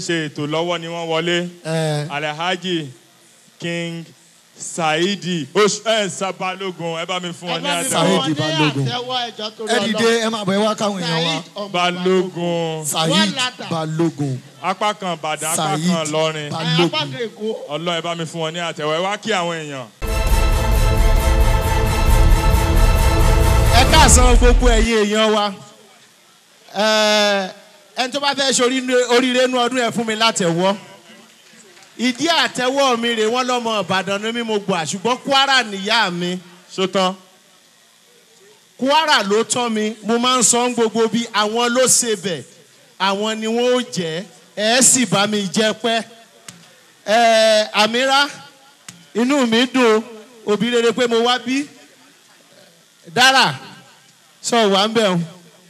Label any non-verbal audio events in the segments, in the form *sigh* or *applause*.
ń ṣe ètò lọ́wọ́ ni wọ́n wọlé Alhaji King Saidi Sabalogun ẹ bá mi fún wọn ní àtẹ́wọ́ Saidi Balogun ẹ dìde ẹ máa bọ̀ ẹ wá káwọn èèyàn wa Balogun Saidi Balogun apá kan Ìbàdàn apá kan Ìlọrin Balogun ọlọ́ ẹ bá mi fún wọn ní àtẹ́wọ́ ẹ wá kí àwọn èèyàn. ẹ káàsán gbogbo ẹ̀yin èèyàn wa ẹni tó bá fẹ́ ṣe oríire inú ọdún ẹ̀ fún mi látẹ̀wọ́ ìdí àtẹwọ́ mi rè wọ́n lọ́mọ Ìbàdàn ni mí mo gbà ṣùgbọ́n Kwara nìyá mi sótán Kwara ló tọ́ mi mo máa ń sọ ń gbogbo bí àwọn ló ṣe bẹ̀ àwọn ni wọ́n ó jẹ́ ẹ̀ sì bá mi jẹ́ pẹ́ ẹ̀ àmírà inú mi dùn òbí rere pé mo wá bí dára sọ wà ń bẹ̀ ọ́n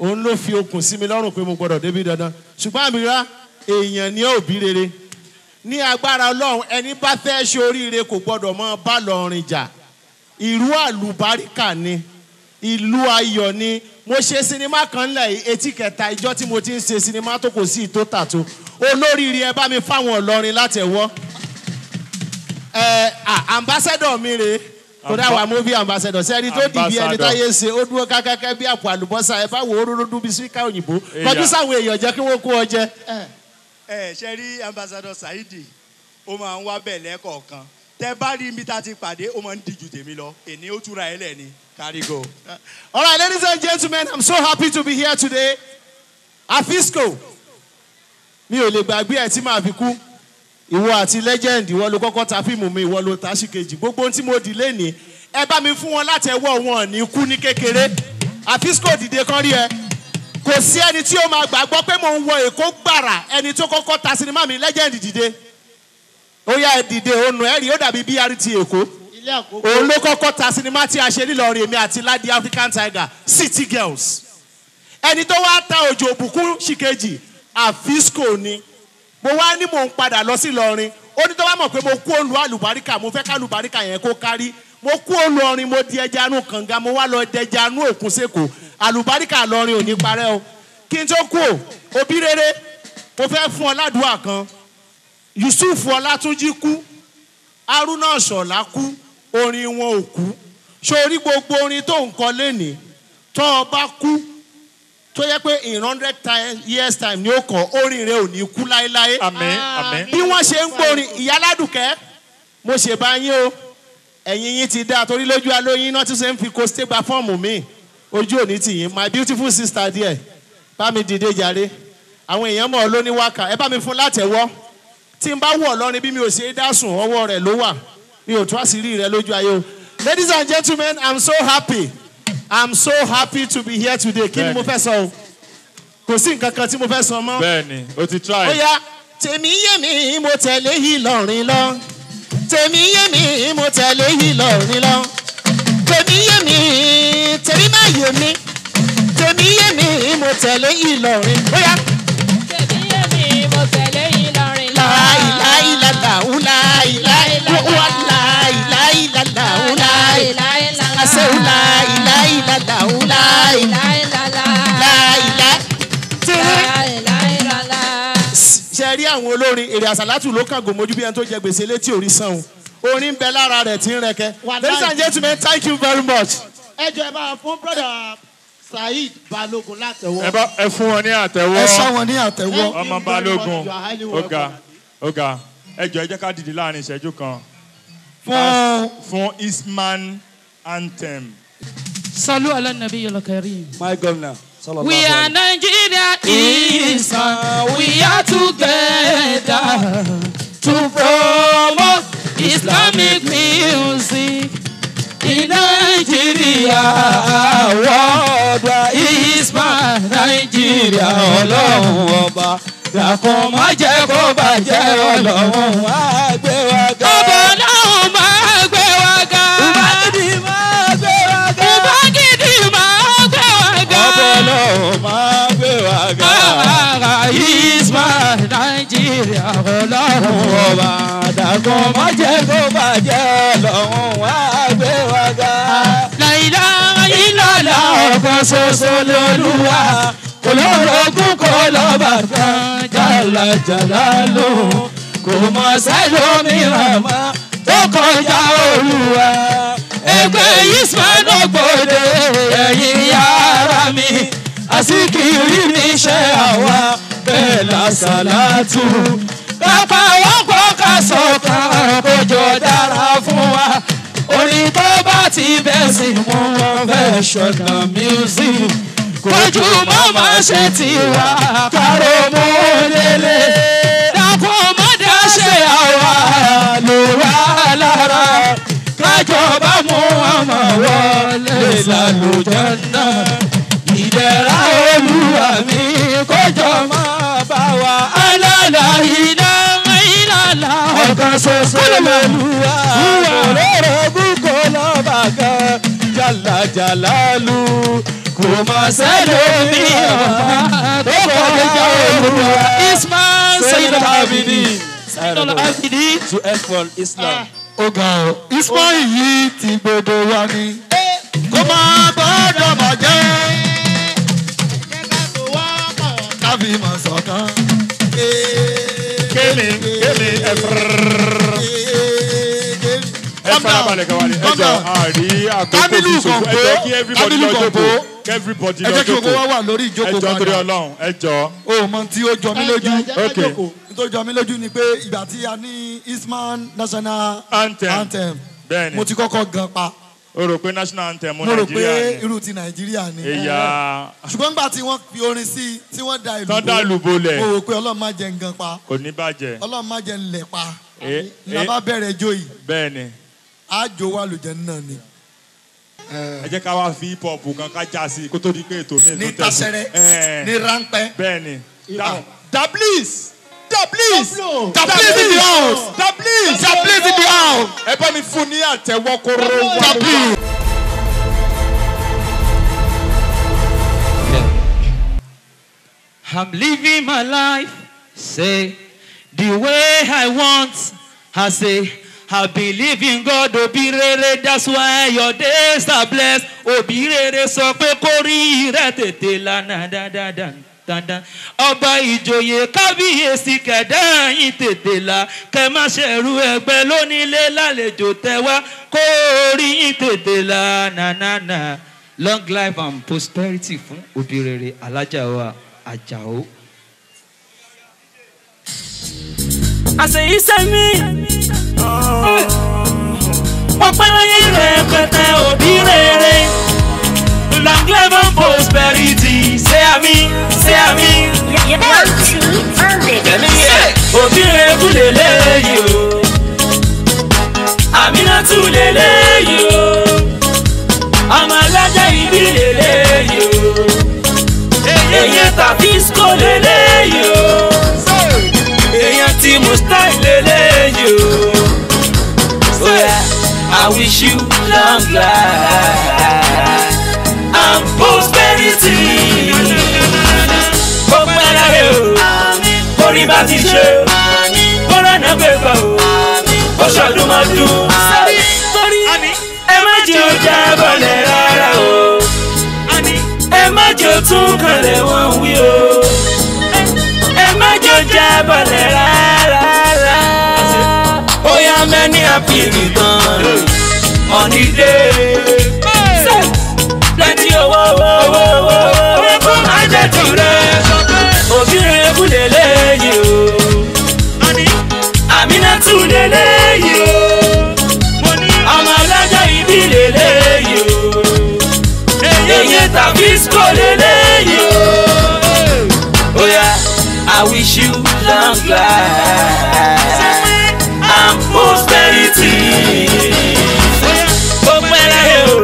òun ló fi okùn sí mi lọ́rùn pé mo gbọ́dọ̀ débi dandan ṣùgbọ́n àmìrá èèyàn ni òbí rere ní agbára ọlọ́run ẹni bá fẹ́ ṣe oríire kò gbọ́dọ̀ mọ́ bá lọ́rin jà ìlú àlùbáríkà ni ìlú ayọ̀ ni mo ṣe sinimá kan lẹ̀ etí kẹta ìjọ tí mo ti ń ṣe sinimá tó kò sí ìtó tàtó olóríire ẹ bá mi fáwọn ọlọ́rin látẹ̀wọ́ ẹ ambassadọ̀ mi rèé. torí àwọn movie ambassador sẹ́ni tó dìbí ẹni táyé ṣe ó dúró kákẹ́kẹ́ bí àpò àlùbọ́sà ẹ bá wo oróró dún bí síkà òyìnbó kọjú sáwọn èèyàn jẹ́ kí wọ́n kó ọ jẹ. ẹ ṣe rí ambassador Saidi ó máa ń wá bẹ̀ lẹ́kọ̀ọ̀kan tẹ bá rí mi ta ti pàdé ó máa ń díjú tèmi lọ èní ó túra ẹ lẹ́ni kárí go. all right ladies and gentlemen i'm so happy to be here today afisco mi ò lè gbàgbé ẹ tí màá fi kú. ìwọ àti legend ìwọ ló kọ́kọ́ ta fíìmù mi ìwọ ló ta síkejì gbogbo ohun tí mo dì lẹ́nìí ẹ bá mi fún wọn láti ẹwọ́ wọn ní kú ní kékeré àfíṣkò dìde kan rí ẹ kò sí ẹni tí ó máa gbàgbọ́ pé mò ń wọ èkó gbàrà ẹni tó kọ́kọ́ ta sinimá mi legend dìde ó yá ẹ dìde ònà ẹ̀rí ó dàbí BRT èkó òun ló kọ́kọ́ ta sinimá tí a ṣe nílọrin èmi àti ládì African Tiger City Girls ẹni tó wá ta òjò òbùkún ṣìkejì àfíṣkò ni mo wá ní mò ń padà lọ sí Ìlọrin ó ní tó bá mọ̀ pé mo kú olú àlùbáríkà mo fẹ́ ká àlùbáríkà yẹn kó kárí mo kú olú ọrin mo di ẹja anú kànga mo wá lọ dẹja anú òkun sèkò àlùbáríkà lọrin ò ní parẹ́ o kí n tó kú o òbí rere mo fẹ́ fún ọ ládùúgbà kan Yusuf Ọlátúnjí kú Haruna Ọ̀ṣọ̀lá kú orin wọn ò kú sórí gbogbo orin tó ń kọ lénìí tó o bá kú tó yẹ pé in hundred years time ni ó kọ orin rẹ ò ní kú láéláé. àmín àmín. Ah. bí wọ́n ṣe ń gbórin ìyá aládùnkẹ́ mo ṣe bá yín o ẹ̀yin yín ti dáa torí lójú alóyin náà tún ṣe ń fi kó stégba fọ́ọ̀mù mi ojú òní tì yín my beautiful sister díẹ̀ bá mi dìde jàre àwọn èèyàn mọ̀ ọ́ ló ní wákà ẹ bá mi fún látẹ̀wọ́ tí n bá wọ̀ lọ́rin bí mi ò ṣe é dá sùn ọwọ́ rẹ̀ ló wà mi ò tú àṣírí rẹ̀ lójú ayé o ladies and gentlemen i'm so happy I'm so happy to be here today. Kí ni mo fẹ́ sọ o? Kò sí nǹkan kan tí mo fẹ́ sọ mọ́. Bẹ́ẹ̀ni, o ti try. Ó yá, tèmi yé mi, mo tẹ̀lé yìí lọ́rin lọ. Tèmi yé mi, mo tẹ̀lé yìí lọ́rin lọ. Tèmi yé mi, tèmi má yé mi. Tèmi yé mi, mo tẹ̀lé yìí lọ́rin. Ó yá. Tèmi yé mo tẹ̀lé yìí lọ́rin lọ. Láìláìlá làwùlá ìlà ìlà láìláìlá làwùlá ìlà. láìlá àwọn olórin èrè àsàlátù ló kàn gòmójú bí ẹni tó jẹ gbèsè létí orí sanwó orin bẹ lára rẹ̀ tí ń rẹkẹ. ladies and gentlemen thank you very much. ẹ jọ ẹ bá fún brother saheed balogun látẹwọ. ẹ bá ẹ fún wọn ní àtẹ́wọ́. ẹ sọ wọn ní àtẹ́wọ́. ọmọ balogun ọ̀gá ọ̀gá ẹ jọ ẹ jẹ́ ká dìde láàrin ìṣẹ́jú kan. fún fún isman anthem. Salu ala nabi yala kareem. My governor. We are Nigeria Islam. we are together to promote Islamic music in Nigeria. Worldwide is my Nigeria. Ọlọ́run ọba dàkún má jẹ́ kó bàjẹ́ Ọlọ́run o máa gbé wa ga. Àmàrà Ismail Nàìjíríà ọlọ́run ọba. Àdàgún má jẹ́ kó bàjẹ́ lọ́run wá gbé wa ga. Nàìjíríà ìlànà ọ̀kan ṣoṣo lolúwa. Olórogún kò lọ́ba kan jàlàjàlá lò. Kò mọ sẹ́lómìíràn mọ́ tó kọjá olúwa. Ẹgbẹ́ Ismail náà gbòde ẹ̀yìn yàrá mi. Sikiri níṣẹ́ àwa bẹ́ẹ̀ lásàlátù. kápá ọ̀pọ̀ ká sọ̀kan àkójọ dára fún wa. orin tó bá ti bẹ́ẹ̀ sì mú wọn fẹ́ ṣọ̀nà music. kojú màmá ṣe tiwa káró mú lélẹ̀. dákun mọ́dá ṣe àwa ló wà lára. kájọba mú àmọ̀ wọlé lálùjọ náà ìdẹ̀ra olúwa mi kójọ máa bá wa. alala iná ilala ọ̀kan ṣoṣo lẹ́lúwa òróró búkọ lọ́ba kan jàlá jàlá lu kò má sẹ́lómi ọ̀pá tó kọjá olúwa. ismail sayyid abidi to help for islam. Ah. ó ga ọ ismail yìí ti gbọdọ̀ wá ní. kó máa gbọ́dọ̀ bàjẹ́ fi mọ̀ sọ̀kan. kémi kémi ẹ fúrúrúrú. Ah, ẹ farabalẹ̀ kan wálé ẹ jọ àrí àkókò ìṣòfò ẹ jẹ́ kí everybody lọ jókòó everybody lọ jókòó ẹ jẹ́ kí gbogbo wa wà lórí ìjókòó padà ẹ jọ torí ọlọ́run ẹ jọ. o mọ tí ó jọ mí lójú ok tó jọ mí lójú ni pé ìgbà tí a ní Eastman National Anthem mo ti kọ́kọ́ gan pa o rò pé national anthem nàìjíríà ni. mo rò pé irú ti nàìjíríà ni. ẹ̀yà. ṣùgbọ́n nígbà tí wọ́n fi orin sí i tí wọ́n da ìlú bò. tán da lẹ̀. mo rò pé ọlọ́run má jẹ́ nǹkan pa. kò ní bàjẹ́. ọlọ́run má jẹ́ nlẹ̀ pa. la bá bẹ̀rẹ̀ jó yìí. bẹ́ẹ̀ni. àjò wà lùjẹ́ náà ni. ẹ jẹ́ ká wá fi hip hop kan ká já sí i kó tó di pé ètò mi. ní tasẹrẹ ní ráńpẹ́. bẹ́ẹ̀ni. dablis. That please. in the house. That please. That please in the house. Ẹ bá mi fún ní àtẹ̀wọ́ kóró wá. please. I'm living my life, say, the way I want. I say, I believe in God, òbí rere, that's why your days are blessed. Òbí rere sọ pé kórìí rẹ̀ tètè lànà dáadáa dandan ọba ìjòyè kábíyèsí kẹ̀dá tètè là kẹ má ṣẹ̀rù ẹgbẹ́ lónílé lálejò tẹ́wá kó orí yín tètè là nànánà long life and prosperity fún òbí rere alájà wa Àjàó. àṣeyí sẹ́mi oh. ọpẹ́ láyé rẹ̀ pẹ̀tẹ́ òbí rere long life and prosperity. Say a mi, say a mi. Ẹ̀mí yẹ, òbí rẹ̀ kú lè léyìí o. Àmínà tún lè léyìí o. Ọmọ alájà ibi lè léyìí o. Èyàn tàbísíkò lè léyìí o. Èyàn tí Mustai lè léyìí o. I wish you long life. I'm posted charity. ó pẹ́ lára o orí bá ti ṣe ó rànà pépà o ó ṣọdúnmọ́dún. ẹ má jẹ́ ó ọ̀nìdé. lélẹ́yìí o. Oya, I wish you long life and prosperity. Ó pẹ́ láyé o,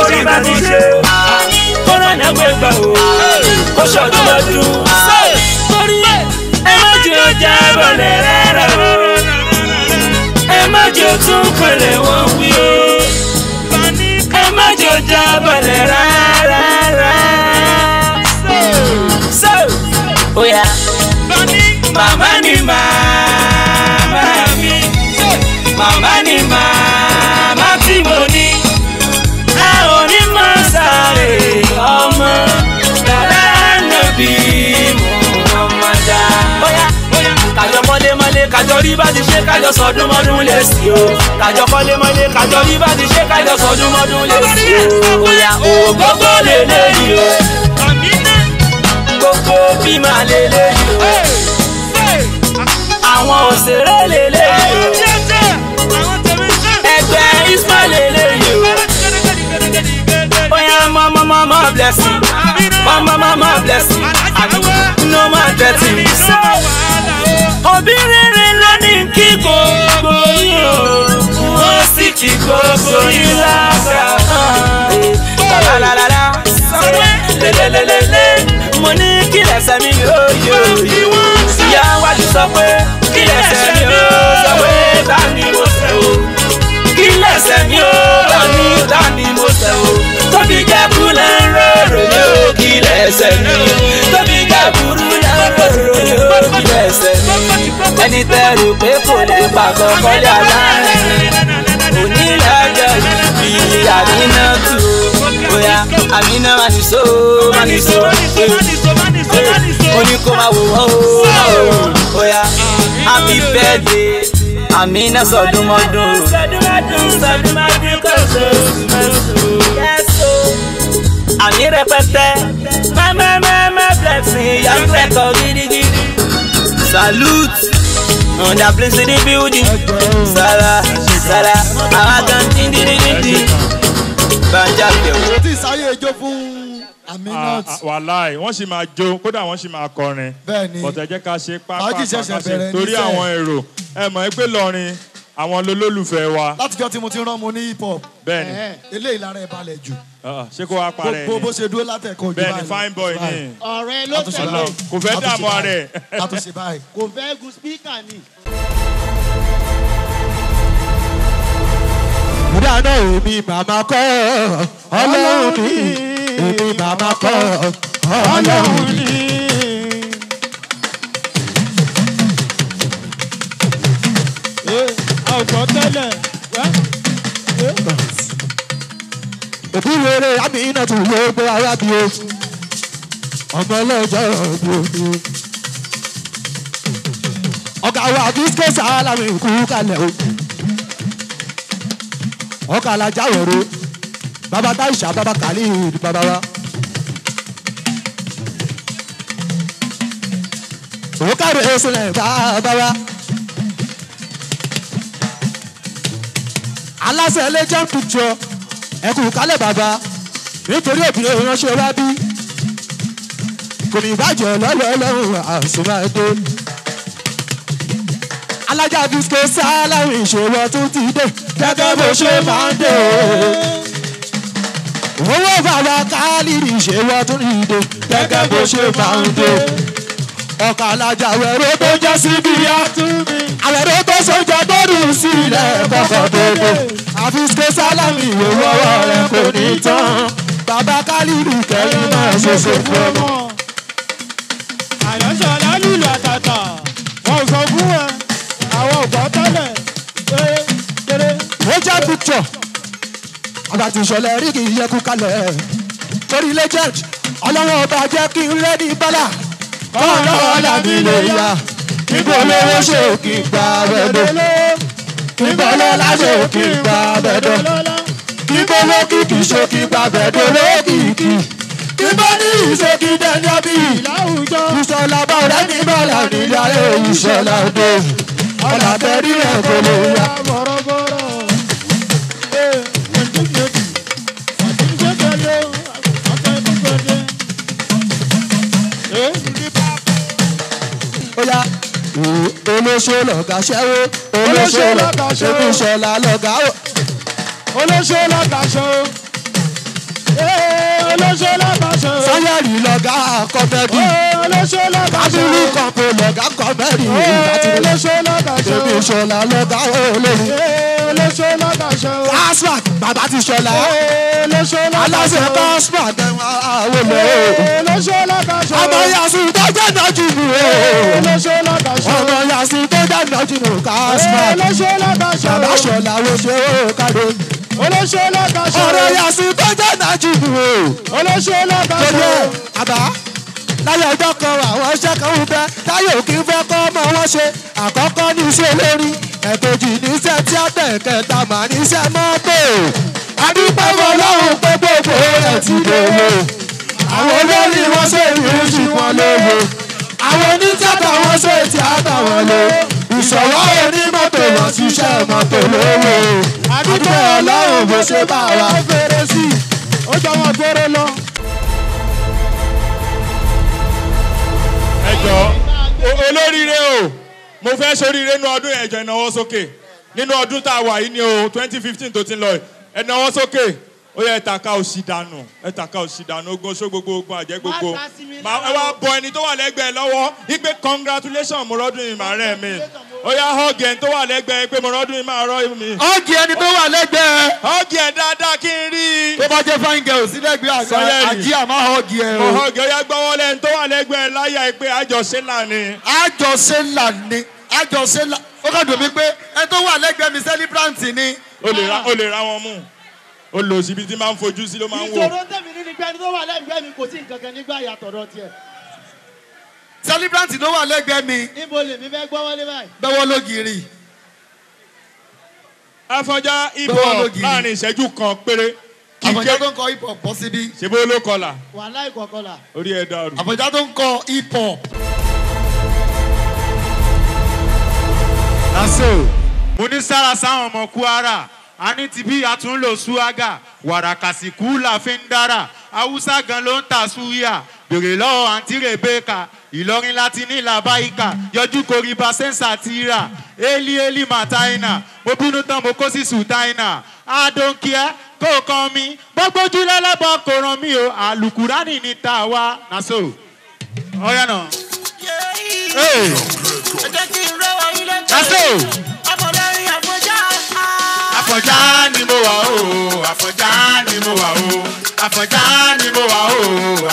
ó sì bá ti ṣe o, kọ́rọ́nà gbẹ̀gbà o, ó ṣọdún ọdún. Torí ẹ má jẹ́ ọjà rọlẹ̀ rárá o, ẹ má jẹ́ tún pẹ̀lẹ́ wọn wí o, ẹ má jẹ́ ọjà rárá. ó yá. Mama ni màmá mi màmá ni Mama tí mo ní a ò ní máa sáré ọmọ dàda nàbí Muhammadu. ó yá kájọ mọ́lémọ́lé kájọ rí bá ti ṣe kájọ sọdún mọ́dún lè sí o kájọ kọ́lémọ́lé kájọ rí bá ti ṣe kájọ sọdún mọ́dún lè sí o ó yá ògógó lè lè yìí o bí máa lè léyìí o àwọn òṣèré lè léyìí o ẹgbẹ́ isma lè léyìí o oya mama mama blessing mama mama blessing no man dirty òbí rere lónìí kí gbogbo yìí o wọ́n sì kí gbogbo yìí lágbàá. La la la la, somewhere, le le le le le ní kí lẹ̀ṣẹ̀ mi yóò yóò yóò ìyá wa ti sọ pé kí lẹ̀ṣẹ̀ mi yóò sọ pé bá mi mo ṣẹ̀ o kí lẹ̀ṣẹ̀ mi yóò bá mi bá mi mo ṣẹ̀ o tóbi jẹ́ kú lẹ́ ń rọrò yóò kí lẹ̀ṣẹ̀ mi tóbi jẹ́ kúrú lẹ́ ń rọrò yóò kí lẹ̀ṣẹ̀ mi ẹni tẹ́ rò pé kò lè pàkọ́ kọ́lé aláìní onílẹ̀jẹ̀ ìyá nínú tù bóyá àmì náà má ní so má ní so oní oya happy birthday àmínà sọdúnmọ́dún. àmì rẹpẹtẹ mẹ́mẹ́mẹ́mẹ́ blessing yọ kẹ́kọ̀ọ́ gidigidi. salute on the place in the building. Sara, Sara, àwọn kan ti ń dídí àmì náà ti. wàláì wọ́n sì máa jó kódà wọ́n sì máa kọrin. bẹ́ẹ̀ni bọ̀tẹ̀ jẹ́ ká ṣe pápá kàkàṣe torí àwọn èrò ẹ mọ̀ ẹ pé lọ́rin àwọn olólùfẹ́ wa. láti jọ́ tí mo ti rán mo ní hip hop. bẹ́ẹ̀ni eléyìí lára ẹ balẹ̀ jù. Ah, ṣé kó wa parẹ́ ni gbogbo bó ṣe dúró látẹ̀kọ́ ojú báyìí. bẹ́ẹ̀ni fine boy ni. ọ̀rẹ́ ló tẹ̀lé kò fẹ́ dààmú ara ẹ̀. àtúnṣe báyìí. kò fẹ́ gun speaker ni. múdàdọ̀ èmi màmá kọ́ ọlọ́run mi ni bàbá kọ́ ọlọ́run ni. ọ̀gbọ́n tẹ́lẹ̀ òbí rere àmì iná tó wọ gbé ara bí o ọmọ ọlọ́jọ́ bí o bí o. ọ̀gá wa disco sálámì kú kalẹ̀ o ọ̀gá alájà wẹ̀rẹ̀ baba taisha baba khalid baba wa. òkàrò baba. ẹ̀ bàbá wa. aláṣẹ ẹlẹ́jọ́ pìjọ ẹkùn kálẹ̀ bàbá nítorí obìnrin ìránṣẹ́ wa bí. kò ní ìbàjẹ́ lọ́lọ́ ọlọ́run àṣùmáàdé. alájà bísíkẹ́ sáà láwọn ìṣòro tó ti dé gẹ́gẹ́ bó ṣe máa ń dé owó bàbá kálíìrì ṣe wọ́n tún rí de gẹ́gẹ́ bó ṣe máa ń dé. ọkà alájà wẹ̀rọ tó jẹ́ síbi yá àwẹ̀rọ tó sọjọ́ tó dùn sí ilẹ̀ kọ̀ọ̀kan tó dé. àfi ṣe sálámì ìwé wọ́wọ́ rẹ kò ní tán bàbá kálíìrì kẹ́yìn náà ṣoṣo fún ọmọ. àyànṣọ́ lálùlù àtàtà wọn sọ fún ẹ àwọn ọ̀gbọ́n tẹ́lẹ̀ kéré. ó jẹ́ picture ọ̀rọ̀ àti ìṣọ̀lẹ̀ rí kì í yẹ kú kalẹ̀ torí ọlọ́wọ́ ọba jẹ́ kí n rẹ́ni bọ́là kọ́ńtà ọ̀là mi lè yá níbo lówó ṣe kí n gbà bẹ́ẹ̀dọ̀ níbo ṣe kí n gbà bẹ́ẹ̀dọ̀ níbo lókìkí ṣe kí n gbà bẹ́ẹ̀dọ̀ lókìkí níbo ní ìṣèkí dẹ́ni ọbí ìṣọ̀lá bá ọ̀rẹ́ ní bọ́là nílẹ̀ ayé ìṣọ̀lá ọdún ọ̀là bẹ́ẹ̀ rí ẹ̀kọ́ lè yá. lọ̀gá ṣẹ́wó olóṣó lọ̀gá ṣẹ́wó olùṣọ́lá lọ̀gá o. olóṣó lọ̀gá ṣẹ́wó olóṣó lọ̀gá ṣẹ́wó. sáyẹ̀rì lọ̀gá kọ́mẹ́rì. olóṣó lọ̀gá ṣẹ́wó. abirú kọ̀pọ̀ lọ̀gá kọ́mẹ́rì. olóṣó lọ̀gá ṣẹ́wó olùṣọ́lá lọ̀gá olórí. olóṣó lọ̀gá ṣẹ́wó. aswak bàbá ti ṣọlá. olóṣó lọ̀gá ṣẹ́wó. aláṣẹ kọ́sùpàk àwọn olè. olóṣó lọ̀gá ṣẹ́wó. ọmọ yasùn tó gbẹ́dọ̀ jù mí. olóṣó lọ̀gá ṣẹ́wó. ọmọ yasùn dàgbà jìnnà kásmà. olóṣèlú àbáṣọ. àbáṣọ làwọn o. olóṣèlú àbáṣọ. lóye àbá láyé ọjọ́ kan àwọn iṣẹ́ kan ń bẹ́ táyọ̀ kí n fẹ́ kọ́ ọmọ wọn ṣe àkọ́kọ́ ní iṣẹ́ olórí ẹ̀kejì ní iṣẹ́ tíátà ẹ̀kẹta mà ní iṣẹ́ mọ́tò. adúpẹ́ ọlọ́run pé gbogbo ẹ̀ ti lówó àwọn olórí wọn ṣe ìrísí wọn lówó àwọn onítìátà wọn ṣe tíátà wọn lówó olùṣọ́wọ́ onímọ́tò lọ ṣiṣẹ́ mọ́tò lówó. àdúgbò ọlọ́run bó ṣe bá wa. ó fèrè sí i ó jọmọ fèrè lọ. ẹ jọ olóríire o mo fẹ́ soríire nínú ọdún ẹ̀jọ̀ ìnáwó sókè nínú ọdún tá a wà yìí ni o twenty fifteen tó ti ń lọ ìnáwó sókè ó yẹ ẹ̀tàkà òsì dànù ẹ̀tàkà òsì dànù ogun oṣó gbogbo ogun àjẹ́ gbogbo ẹ wá bọ ẹni tó wà lẹ́gbẹ̀ẹ́ lọ́wọ́ wípé congratulations mo rọ́dún ìmọ̀ mi. ó yá họ́ọ̀gì tó wà lẹ́gbẹ̀ẹ́ pé mo rọ́dún máa rọ́ mi. ẹni tó wà lẹ́gbẹ̀ẹ́. dáadáa kí n rí tó bá jẹ́ sí lẹ́gbẹ̀ẹ́ àgbà àjí àmọ́ o. tó wà lẹ́gbẹ̀ẹ́ láyà pé àjọṣe àjọṣe àjọṣe ó kàn dùn mí pé mi celebrant ni. o lè ra wọn mú o lò síbi tí máa ń fojú sí ló máa ń wò. ìṣòro mi kò sí nǹkan kan nígbà celebrant ló wà lẹ́gbẹ̀ẹ́ mi. níbo lèmi fẹ́ gbọ́ wọlé báyìí. gbẹ́wọ́ lógiri. afọjá hip hop láàrin ìṣẹ́jú kan péré. afọjá tó ń kọ hip hop bọ́ síbí. ṣebí ló kọlà. wàhálà ìkọ̀ kọlà. orí ẹ̀ dàrú. afọjá tó ń kọ hip hop. naso mo ní sára sáwọn ọmọ Kwara a ti bí àtúnlò suaga wàràkàsíkú la fi ń dára haúsá gan ló ń ta suya bèrè lọ́wọ́ àǹtí Rebeka ìlọrin láti ní làbáyíkà yọjú koriba sẹ́ńsà ti rà éèlì éèlì mà táyìnà mo bínú tán mo kó sí táyìnà àdónkìá kó kan mi gbọ́gbójú lẹ́lẹ́bọ̀ kò ràn mí o àlùkùránì ní ta wá naso ọ̀rẹ́ nà. naso. àfọ̀njá ni mo wà o àfọ̀njá ni mo wà o àfọ̀njá ni mo wà o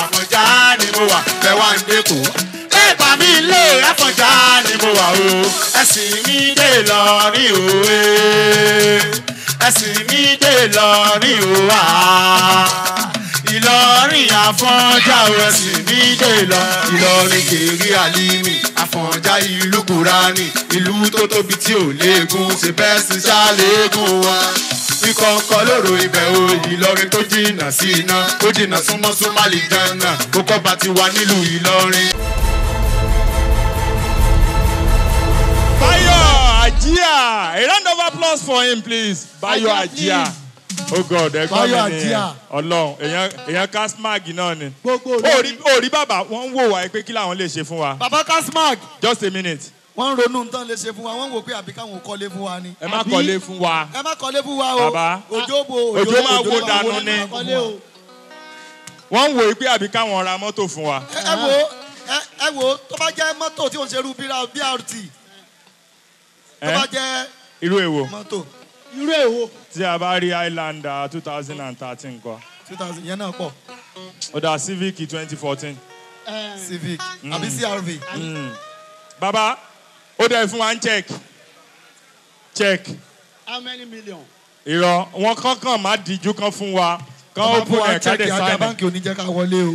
àfọ̀njá ni mo wà bẹ́ẹ̀ wá ń dẹ́kun ìbá mi lé Àfọ̀njá ni mo wà o ẹ̀sìn mi dé Ìlọrin òwe ẹ̀sìn mi dé Ìlọrin òwà Ìlọrin Àfọ̀njá o ẹ̀sìn mi dé Ìlọrin kiri àlímì Àfọ̀njá ìlú Kùránì ìlú tó tóbi tí ò léegun ṣe bẹ́ẹ̀ sì ṣàlékún wa kíkọ́kọ́ lóru ibẹ̀ o Ìlọrin tó jìnnà sí iná tó jìnnà súnmọ́ súnmọ́ àlìjáná kókọ́ bá ti wà nílùú Ìlọrin. Ajia. A round of applause for him, please. Bayo Ajia. Oh God, ẹ gbọ́ mi ni Ọlọ́run èèyàn Kasmag náà ni. Orí bàbá wọ́n ń wò wá pé kí làwọn lè ṣe fún wa. Bàbá Kasmag. Just a minute. Wọ́n ń ronú tán lè ṣe fún wa, wọ́n ń wò pé àbí káwọn kọ́lé fún wa ni. Ẹ má kọ́lé fún wa. Ẹ má kọ́lé fún wa o. Bàbá òjò bo òjò máa wo dànù ni. Wọ́n ń wò pé àbí káwọn ra mọ́tò fún wa. Ẹ wo ẹ wo tó bá jẹ́ mọ́tò tí ò ń ṣerú bíi BRT tó bá jẹ́ eh? irú èwo mọ́tò. irú èwo. tí a bá rí highlander uh, two thousand and thirteen kọ. two thousand yẹn náà pọ̀. ó dà civic twenty fourteen. Eh, civic mm. àbí crv. Mm. Baba. ó dẹ̀ fún wa ń check check. how many million. irọ́ wọn kankan má díjú kan fún wa kọ́ open ẹ̀ ká dẹ̀ sign. àgbà báńkì ò ní jẹ́ ká wọlé o.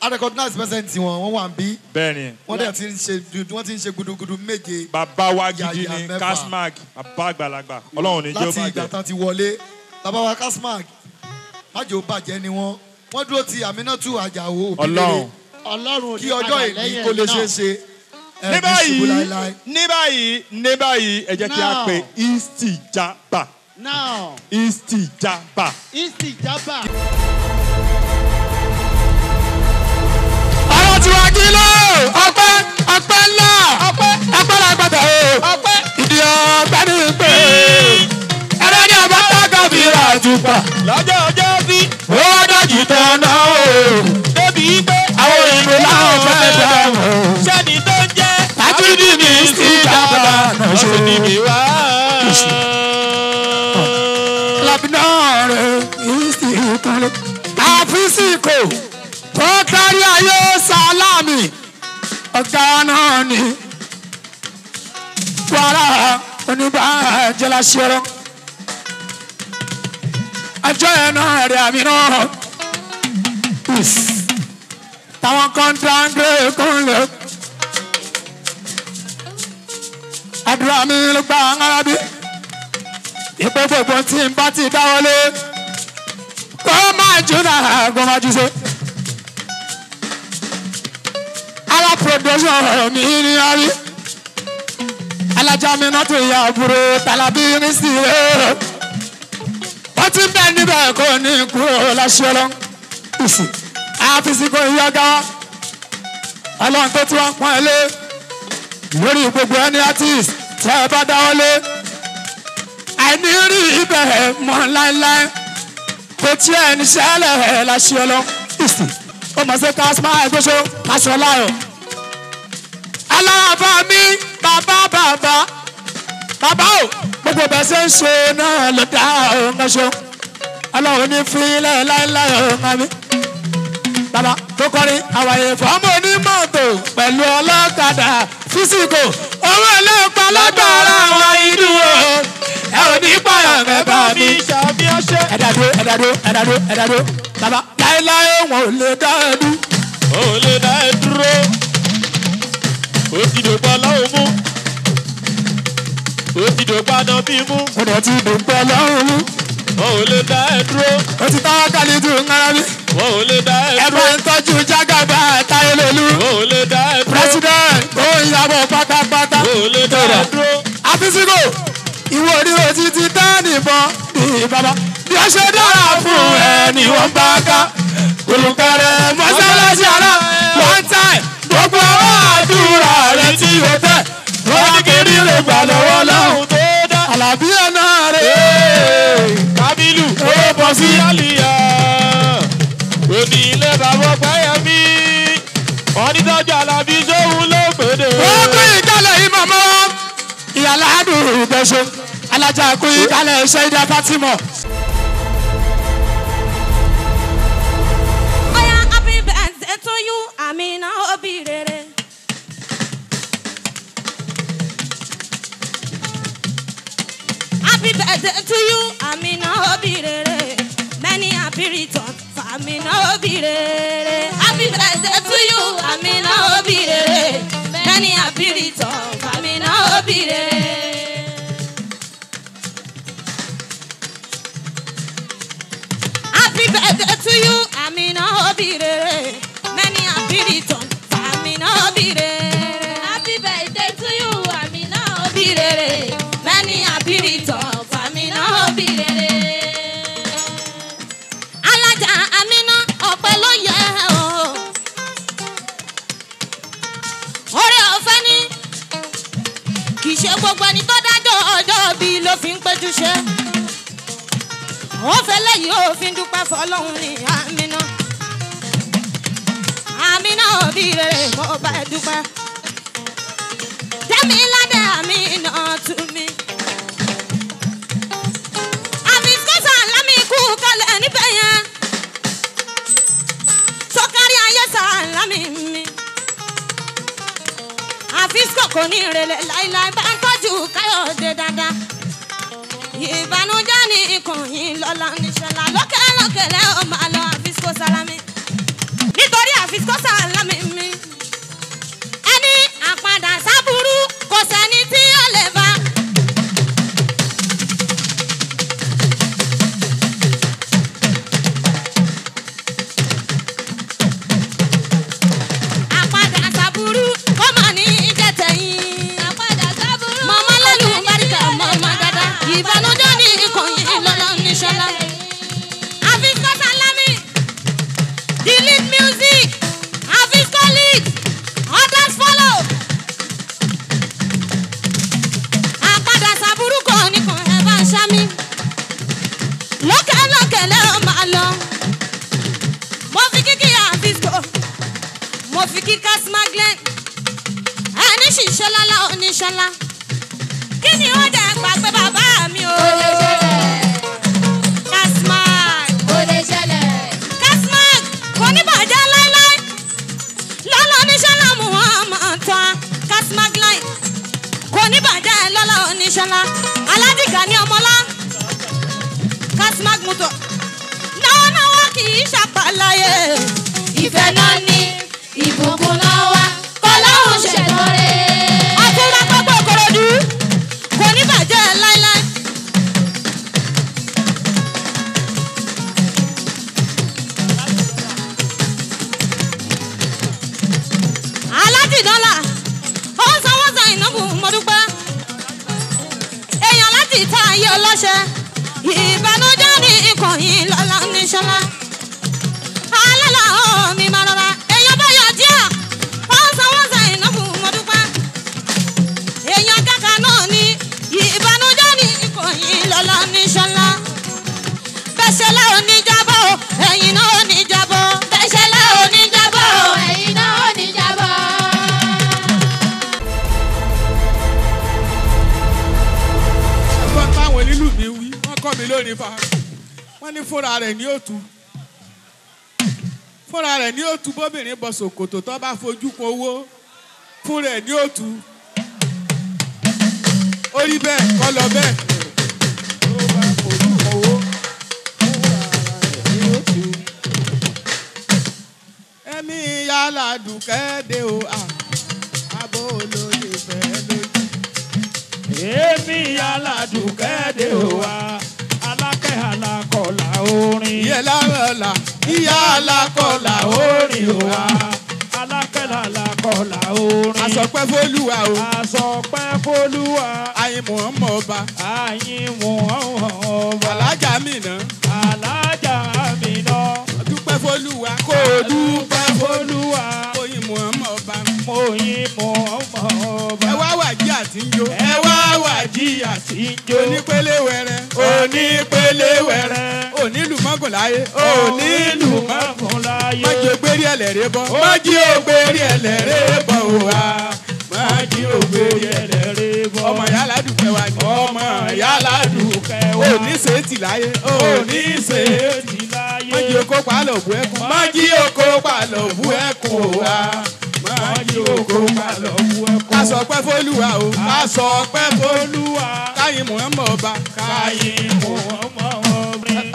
a recognize percent wọn wọ́n wà bí. bẹ́ẹ̀ni. wọ́n dẹ̀ ti ń ṣe wọ́n ti ń ṣe gudugudu méje. bàbá wa gidi ni kasmark bàbá àgbàlagbà ọlọ́run ní jẹ́ ó bàjẹ́. láti ìgbà tán wọlé bàbá wa kasmark májò bàjẹ́ ni wọ́n wọ́n dúró ti Aminatu Àjàó òbí kí ọjọ́ ìní kó lè ṣeé ṣe ní báyìí ní báyìí ní báyìí ẹ jẹ́ kí a pè Istijaba. Now. isti Istijaba. Àwọn tí wàá kí lọ, ọpẹ́, ọpẹ́ ńlá, ọpẹ́, ọpẹ́ la gbọ́dọ̀ o, ọpẹ́, ìdí ọpẹ́ ní pé. Ẹ̀rọ ní àbáta gàbí ra àtùpà. Lọ́jọ́ ọjọ́ bí. Ó dájú tán náà o. Débi pé. Àwọn ìlú náà fẹ́ dáhùn. Sẹ́ni tó ń jẹ́. Àtúndì mi sí ìjàmbá náà ni mi wá. tán ló. àfísìkò tó kárí ayé sálámì ọ̀gá náà ni kwara oníbàjẹ́lá ṣẹ́rọ́ àjọ ẹ̀ náà rẹ̀ àmì náà táwọn kọ́ńtàǹgì kún lè. àdúrà mi ló gba àwọn arábí ìpè gbogbo tí n bá ti dáwọ́lé. Goma Juna, Goma Juse. Our production, Miriari. Alájà mi náà tó yà àbúrò tàlàbí ní sílẹ̀. Wọ́n ti bẹ̀ níbẹ̀ kò ní kúrò láṣẹ lọ. Ìsì àfìsíkò ìyága. Ọlọ́run tó tí wọ́n pọ́n ẹ lé. Lórí gbogbo ẹni artist tẹ́ ẹ bá dáwọ́ lé. Àìní rí ibẹ̀ mọ́ láéláé kòtí ẹ̀ ní sẹ́lẹ̀ ẹ̀ la ṣe ọ lọ ó mọ̀ sí kásímà ẹ̀gbọ́sọ kásọ láyọ̀. aláàbá mi bàbá bàbá bàbá o gbogbo bẹ́ẹ̀ ṣe ń ṣe náà ló dá òun kan ṣe ọlọ́run ní fún ilé láéláé òun kan mi. bàbá tó kọrin àwàyè fọ́ọ̀mù onímọ̀tò pẹ̀lú ọlọ́kadà físíkò owó ẹlẹ́pàá lọ́gbàrá àwọn ìdúró ẹ ò ní pààyàn mẹ́ ṣàbí ṣàbí ọṣẹ. ẹ̀dàdó ẹ̀dàdó ẹ̀dàdó ẹ̀dàdó bàbá láéláé wọn ò lè dá ẹ dú. ò lè dá ẹ dúró òtìdògbà láwọn mú òtìdògbà náà bí mú. ọ̀dọ̀ ti dògbà láwọn mú. wọn ò lè dá ẹ dúró. o ti tọ́wọ́ kálí ju ńlára bí. wọn ò lè dá ẹ dúró. ẹ máa ń tọ́jú jágàbá táyé lólu. wọn ò lè dá ẹ dúró. president ó ń yàbọ̀ pátápátá. wọn ò lè dá ẹ dúró. àfisígò ìwọ oníro nìbọn ní bàbá bí ó ṣe dára fún ẹni wọ́n bá ká olùkọ́rẹ́ mọ́ṣáláṣí àná one time gbogbo ọwọ́ àdúrà rẹ tí o tẹ̀ wọ́n ní kiri lè gbà lọ́wọ́ lọ́hùn tó dá àlàbí ẹ̀ náà rẹ̀ kábílù ó bọ̀ sí àlìyá òní ilé bàbá ọgbáyẹmí wọn ní tọ́jú àlàbí sóhun ló pèdè. ó kú ìkálẹ̀ yìí màmá ìyàlá àdùn ìgbẹ́sẹ̀ alájà àkúyí kálẹ̀ iṣẹ́ ìdá fátímọ̀. ọ̀yá happy birthday to you Amina òbí rere. happy birthday to you Amina òbí rere many happy returns for Amina òbí rere happy birthday to you Amina òbí rere many happy returns for Amina òbí rere. to you, I'm in a hobby. Many a pity ton, I'm in a hobby. Happy birthday to you, I'm in a hobby. Many a pity ton, I'm in a hobby. Alájà Amina ọ̀pẹ ló yẹ ọ́. Orí ọ̀fẹ́ ni kì í ṣe gbogbo ẹni tó dájọ́ wọ́n fẹ́ lẹ́yìn òfin dúpẹ́ fọlọ́hún ní àmínà àmínà òbí rere mo bá ẹ dúpẹ́ tẹ́mi ládẹ́ àmínà tú mi. àmì fọ́sà lámì kú kalẹ̀ níbẹ̀ yẹn sọkárí ayé sà lámì mi àfi sọ̀kò ní ìrẹ̀lẹ̀ láíláí bá ń tọ́jú káyọ̀dé dáadáa ìbànújẹ́ ní ikùn yìí lọ́la níṣẹ́lá lókè lókè lẹ́ o máa lọ àfisikò sálámì. nípa wọ́n ní fúnra rẹ̀ ní òtún fúnra rẹ̀ ní ni bóbìnrin bọ ṣòkòtò tó bá fojú kan owó fún rẹ̀ ní òtún ó rí bẹ́ẹ̀ kọ́ lọ bẹ́ẹ̀. ẹ̀mí yálà dùkẹ́ de o o alákọ̀ọ́lá orin. Ìyá alákọ̀ọ́lá ìyá alákọ̀ọ́lá orin o wa. Alákẹ́lá alákọ̀ọ́lá orin. Àsọpẹ́ fólúwa o. Àsọpẹ́ fólúwa. Àyìn Mùhàmmọ́ ọba. Àyìn Mùhàmmọ́ ọba. Alájà Àmìnà. Alájà Àmìnà. Dúpẹ́ fólúwa. Kò dúpẹ́ fólúwa mo yin mo mọ ọba. ẹ wá wàjí àti ń jó. ẹ wá wàjí àti ń jó. onípele wẹrẹ. onípele wẹrẹ. onílùmọ́gùn láyé. onílùmọ́gùn láyé. májí ògbérí ẹlẹ́rẹ́ bọ́. májí ògbérí ẹlẹ́rẹ́ bọ́ o wa. májí ògbérí ẹlẹ́rẹ́ bọ́. ọmọ yàrá dùkẹ́ wa ni. ọmọ yàrá dùkẹ́ wa. òní sèétì láyé. òní sèétì láyé. májí okó pa lọ bú ẹkún. májí okó pa lọ bú ẹkún o wa máa jí oko máa lọ wú ẹkọ. a sọ pé fólúwa o. a sọ pé fólúwa. káyìn Muhammad ọba. káyìn Muhammad ọba.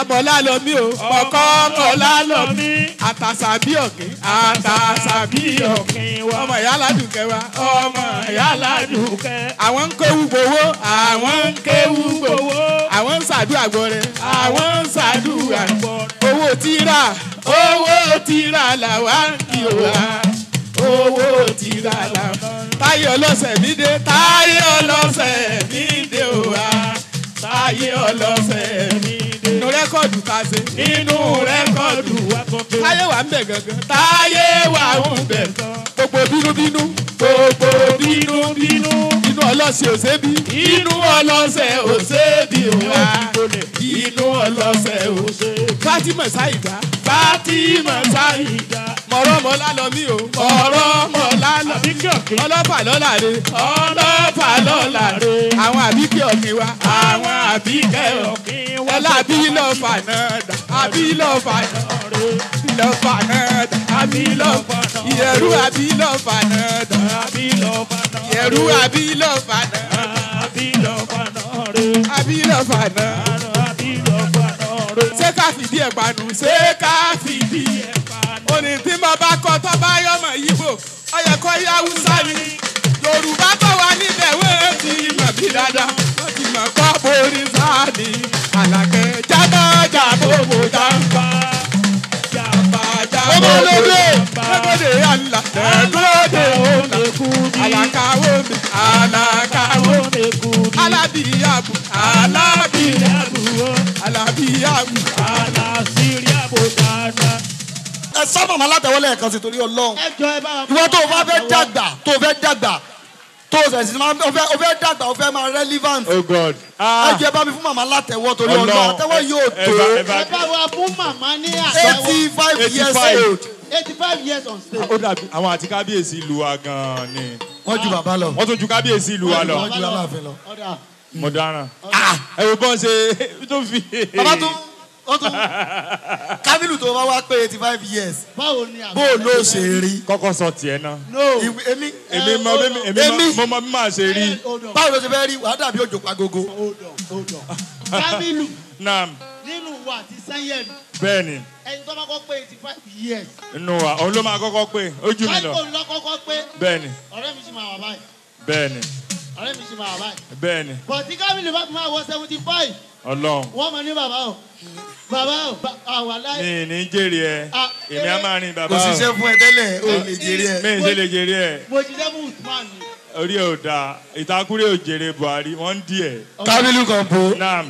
ọmọlá lọ mí o. ọkọ ọmọlá lọ mí. àtàsàbí ọ̀kìn. àtàsàbí ọ̀kìn wa. ọmọ ìyá aládùnkẹ́ wa. ọmọ ìyá aládùnkẹ́. àwọn ń kéwú gbowó. àwọn ń kéwú gbowó. àwọn ń ṣàdúrà gbọrẹ. àwọn ń ṣàdúrà gbọrẹ. owó tíra owó tíra làwa ń kí wa owó ti dàda. Táyé ọlọ́sẹ̀ mi dé. Táyé ọlọ́sẹ̀ mi dé o wa. Táyé ọlọ́sẹ̀ mi dé. Nínú rẹ́kọ̀dù ká ṣe. Nínú rẹ́kọ̀dù wa tó ké. Táyé wà ń bẹ̀ gangan. Táyé wà ń bẹ̀. Gbogbo bínúbínú. Gbogbo bínúbínú. Inú ọlọ́sẹ̀ òṣèbí. Inú ọlọ́sẹ̀ òṣèbí wa. Inú ọlọ́sẹ̀ òṣèbí. Fátímọ̀ Sáyidá. Fatima Saida. mọ̀rọ̀ mọ́ lálọ́ mi o. mọ̀rọ̀ mọ́ lálọ́. àbíkẹ́ ọ̀kẹ́. ọlọ́fà lọ́la re. ọlọ́fà lọ́la re. àwọn àbíkẹ́ ọ̀kẹ́ wa. àwọn àbíkẹ́ ọ̀kẹ́ wa. ọlá àbí lọ́fà náà dà. àbí lọ́fà náà re. lọ́fà náà dà. àbí lọ́fà náà re. ìyẹ̀rú àbí lọ́fà náà dà. àbí lọ́fà náà re. ìyẹ̀rú àbí lọ́fà náà. àbí lọ́fà náà re. àbí lọ́fà náà. àbí lọ́fà ṣé ká fìdí ẹ̀ panu ṣé ká fìdí ẹ̀ panu. òní tí mo bá kọ tó bá yọmọ yíbò ó yẹ kó yá Hausa ni Yorùbá tó wà nílẹ̀ wẹ́ẹ́ ti mọ̀ bí dáadáa wọ́n ti mọ̀ pọ́ borí sáà ni àlàkẹ́ jábọ̀ jábọ̀ mo dá Tẹ́gbọ́dé tẹ́gbọ́dé àlà tẹ́gbọ́dé òǹdẹ̀kùnmí. Àlàkàwé mi àlàkàwé òǹdẹ̀kùnmí. Alábìyàbù alábìyàbù alábìyàbù alásìrìàbù dáadáa. Ẹ sábà máa látẹ̀wọ́lẹ̀ ẹ̀kan sí torí Ọlọ́run. Ìwọ tó o bá dàgbà tó o fẹ́ dàgbà tó o sẹ̀sìn máa ọ fẹ́ ọ fẹ́ dàgbà ọ fẹ́ máa relevant. oh god. Ah. ẹ jẹ́ bá mi fún màmá látẹ̀wọ́ torí oh ọ̀nà àtẹ̀wọ́ yóò tó. ẹ bá wa mú màmá ní àtẹ̀wọ́. eighty five years old. eighty five years on stage. Ah, ó dàbí àwọn àti kábíyèsí ìlú wa gan-an ni. wọ́n ju bàbá lọ. wọ́n tún ju kábíyèsí ìlú wa lọ. wọ́n ju aláàfin lọ. mo dáràn. Ah. ẹ wo bọ́n ṣe *laughs* tó fi. bàbá tó ń ó tún Kamilu tó bá wá pé eighty five years. báwo ni àbúrò bó ló ṣe rí. kọ́kọ́ sọ tiẹ̀ náà. no èmi èmi mọ èmi mọ mọ bí màá ṣe rí. báwo ló ṣe fẹ́ rí wàá dàbí òjò pagogo. Kamilu nínú wa àti sẹ́yẹ̀rì. bẹ́ẹ̀ni. ẹni tó bá kọ́ pé eighty five years. nínú wa òun ló máa kọ́kọ́ pé ojú mi lọ. báyìí ló kọ́kọ́ pé. bẹ́ẹ̀ni. ọ̀rẹ́ mi sì máa wà báyìí. bẹ́ẹ̀ni. ọ̀rẹ́ mi sì máa wà báyìí. bẹ́ẹ̀ni. bọ̀dí Kamilu bá ti máa wọ seventy five. Ọlọ́run. wọ́n mọ ní bàbá o bàbá o àwa láì. mi ní jèrè ẹ èmi á máa rìn bàbá o. kò ṣiṣẹ́ fún ẹ tẹ́lẹ̀ o lè jèrè ẹ. mi ṣe lè jèrè ẹ. mo ṣiṣẹ́ fún Usman. orí ẹ ò dáa ìtakùrẹ́ ò jèrè Buhari wọ́n ń di ẹ̀. kábílù kan bo. naam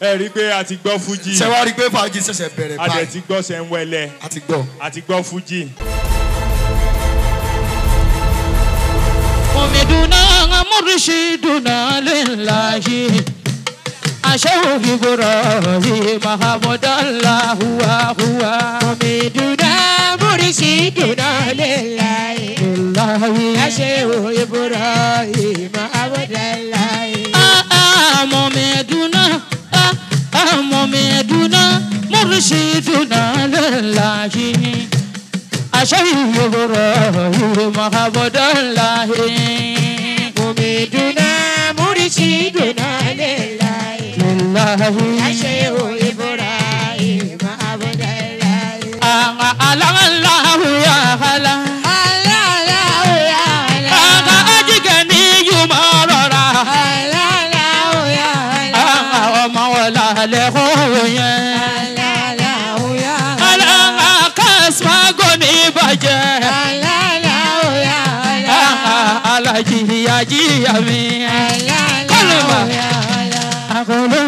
ẹ rí i pé a ti gbọ́ fújì. ṣé wàá rí i pé fàájì ṣẹ̀ṣẹ̀ bẹ̀rẹ̀ báyìí. a dẹ̀ ti gbọ́ sẹ́ńwẹ́lẹ̀. a ti gbọ́. a ti gbọ́ fújì. أشوف براسي محمد الله هو هو حميدنا مرشدنا لله لله أشوف إبراهيم عبد الله ممدنا ممدنا مرشدنا لله أشوف إبراهيم عبد الله ممدنا مرشدنا Ibrahim. Ya Shehu Ibrahim Abdullahi. Aga Allah Allah ya Allah. Allah Allah ya Allah. Aga aji gani yumarora. Allah Allah ya Allah. Aga wa mawla lehu ya. Allah Allah ya Allah. Aga kasma goni baje. Allah Allah ya Allah. Aga alaji ya ji ya mi. Allah Allah ya Allah. Agolo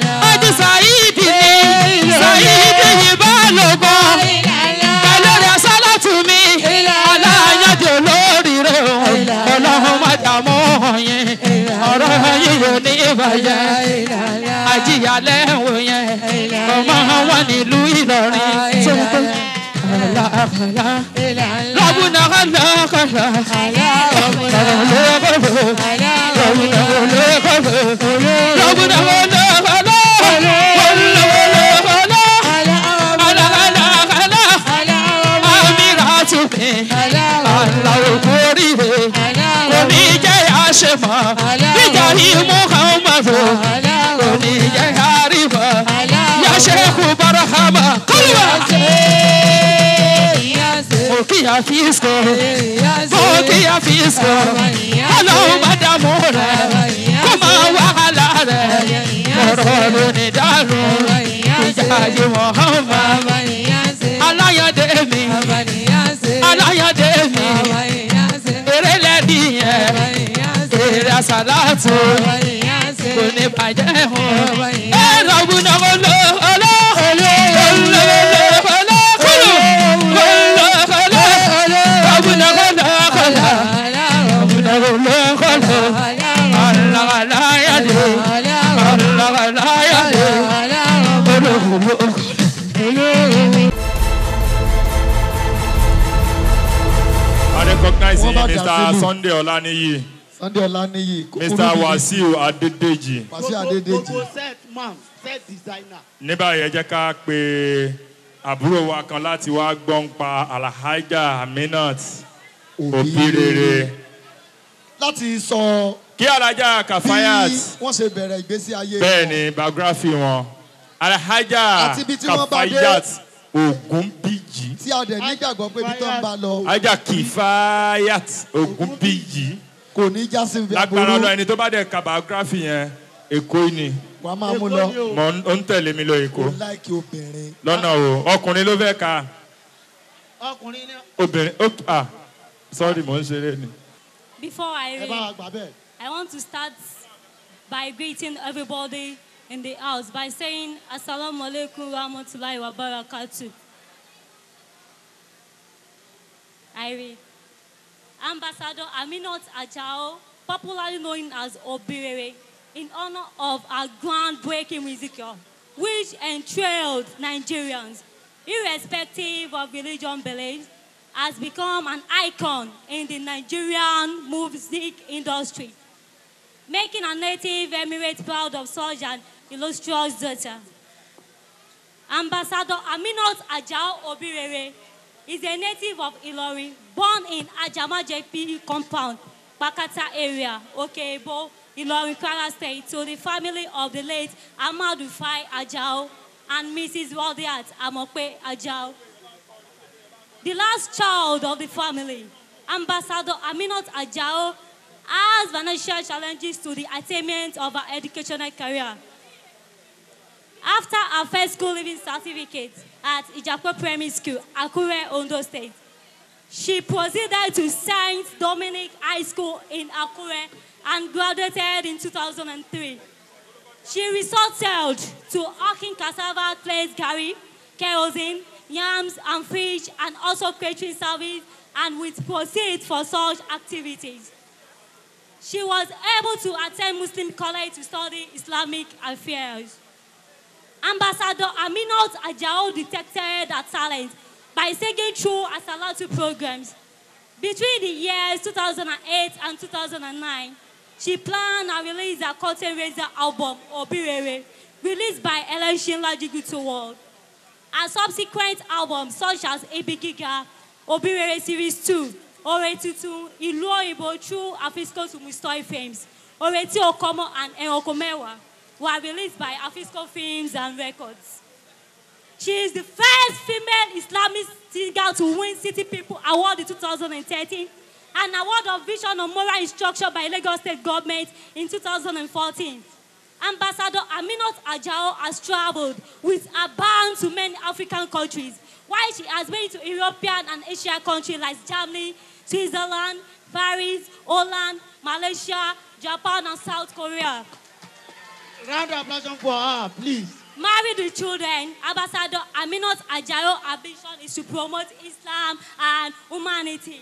yíyọ ní ìbàyẹ àjíyàlẹ ẹwọ yẹn ọmọ wọn nílùú Ìlọrin tó ń pè lọ́bùnà ọlọ́kọ̀ọ́ lọ́bùnà ọlọ́kọ̀ọ́. ṣe mọ́. بجاه محمد كوني يا عارف يا شيخ برحمة قلبا يا فيسكو بوكي يا فيسكو هلا مدامونا كما وعلى مرور ندارو يا محمد على يدي على يدي sàdáàtì kò ní bàjẹ́ o. ẹ rọ̀gbù náà mo lọ ọlọ́ olólùfọ́lọ́ kúlù olólùfọ́lọ́ rọ̀gbù náà mo lọ kọ́lá rọ̀gbù náà mo lọ kọ́lá ọ̀làwàlà yàdé ọ̀làwàlà yàdé olóòkùnrin. recognize him, Mr. Sunday Olaniyi. Sunday Olaniyi. Mr. Wasiu Adedeji. Ní báyìí ẹ jẹ́ ká pe àbúrò wa kan láti wá gbọ́n pa Alhaja Aminat Obirere. Láti sọ. Kí Alhaja Kafayat. Bẹ́ẹ̀ni biography wọn. Alhaja Kafayat Ogunbiji. Tí Ogunbiji kò ní já sí ibi aburú. lágbára ọlọ ẹni tó bá dẹ̀ ka biography yẹn èkó ni. wàá máa mú lọ. mọ ó ń tẹ̀lé mi lọ èkó. lọ́nà o ọkùnrin ló fẹ́ ka. ọkùnrin ni. obìnrin ó ah sorry mò ń ṣeré ni. before I read I want to start by greeting everybody in the house by saying asalaamu alaikum rahmatulahi wa barakatu. I read. Ambassador Aminot Ajao, popularly known as Obirere, in honor of a groundbreaking musical, which enthralled Nigerians, irrespective of religion beliefs, has become an icon in the Nigerian music industry, making a native emirate proud of such an illustrious daughter. Ambassador Aminot Ajao Obirere is a native of Ilori, born in Ajama JP compound, Bakata area, Okebo, Ilori, Kwara State, to the family of the late Amadou Fai Ajao and Mrs. Wadiat Amokwe Ajao. The last child of the family, Ambassador Aminat Ajao, has financial challenges to the attainment of her educational career. After her first school leaving certificate, at Ijapo Primary School, Akure, Ondo State. She proceeded to Saint Dominic High School in Akure and graduated in 2003. She resorted to hawking cassava, place curry, kerosene, yams, and fish, and also catering service, and with proceeds for such activities. She was able to attend Muslim college to study Islamic affairs. Ambassador Aminat Ajao detected her talent by singing through Asalatu programs. Between the years 2008 and 2009, she planned and released a Cotton Razor album, Obirere, released by Ellen Shinla Jigutu World. And subsequent albums such as Ibigiga, Obirere Series 2, Oretutu, Ilu Oibo, True Afisco to Mustoi Fames, Oreti Okomo, and Eokomewa were released by Afisco Films and Records. She is the first female Islamic singer to win City People Award in 2013 and Award of Vision on Moral Instruction by Lagos State Government in 2014. Ambassador Aminot Ajao has traveled with a band to many African countries, while she has been to European and Asian countries like Germany, Switzerland, Paris, Holland, Malaysia, Japan, and South Korea. Round of applause for her, please. Married with Children, Ambassador Aminat Ajayo ambition is to promote Islam and humanity.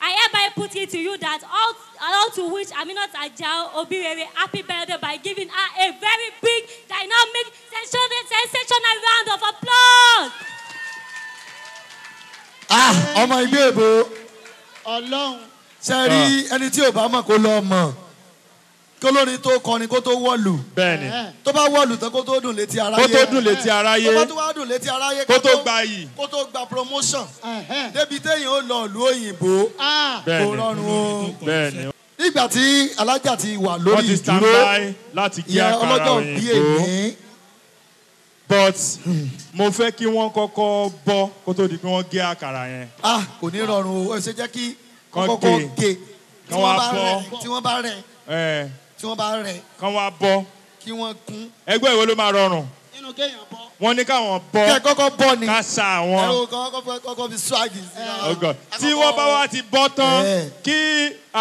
I hereby put it to you that all, all to which Aminat Ajayo Obirere happy birthday by giving her a very big, dynamic, sensational, sensational round of applause. Ah, ọmọ ìgbé èbó. Ọlọ́run. Ṣé rí ah. ẹni tí ò bá mọ̀ kó lọ́ọ́ mọ̀? kólórin tó kọrin kó tó wọ̀lù. bẹ́ẹ̀ni. tó bá wọ̀lù tán kó tó dùn létí aráyé. kó tó dùn létí aráyé. tó bá tó wá dùn létí aráyé. kó tó gba yìí. kó tó gba promotion. débi téèyàn ó lọ ìlú òyìnbó. Ah. bẹ́ẹ̀ni kò rọrùn o. bẹ́ẹ̀ni. nígbà tí alájà ti wà lórí ìdúró ìyẹn ọlọ́jọ́ bí èmi. but mo fẹ́ kí wọ́n kọ́kọ́ bọ́ kó tó di pé wọ́n gé àkàrà yẹn. ah kò ní rọrùn o ẹ ṣe jẹ́ kí kọ́kọ́ gé tí wọ́n bá rẹ̀ tí wọ́n bá rẹ̀. kán wá bọ́. kí wọ́n kún. ẹgbẹ́ ìwo ló máa rọrùn. nínú kéèyàn bọ́. wọ́n ní káwọn bọ́. kẹ́ kọ́kọ́ bọ́ ni. ká sa àwọn. ẹ o kọ́kọ́ fi swagi sí. Oh tí wọ́n bá wá ti bọ́ tán eh. kí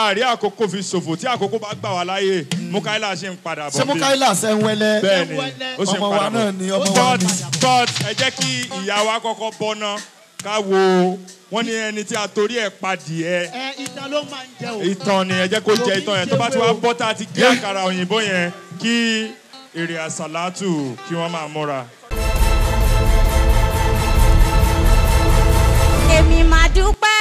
àrí àkókò fi ṣòfò tí àkókò bá gbà wá láyé mukaila ṣe ń padà bọ̀ bí. ṣé mukaila ṣe ń wẹlẹ. bẹ́ẹ̀ni ó ṣe ń padà bọ̀ but but ẹ jẹ́ kí ìyá wa kọ́kọ́ bọ́ náà ká wo wọ́n ní ẹni tí a torí ẹ̀ padì ẹ. ẹ ìtàn ló máa ń jẹ o. ìtàn ni ẹ jẹ́ kó jẹ ìtàn yẹn tó bá ti wá bọ́ tá a ti gé àkàrà òyìnbó yẹn kí èrè àsàlátù kí wọ́n máa múra. èmi máa dúpẹ́.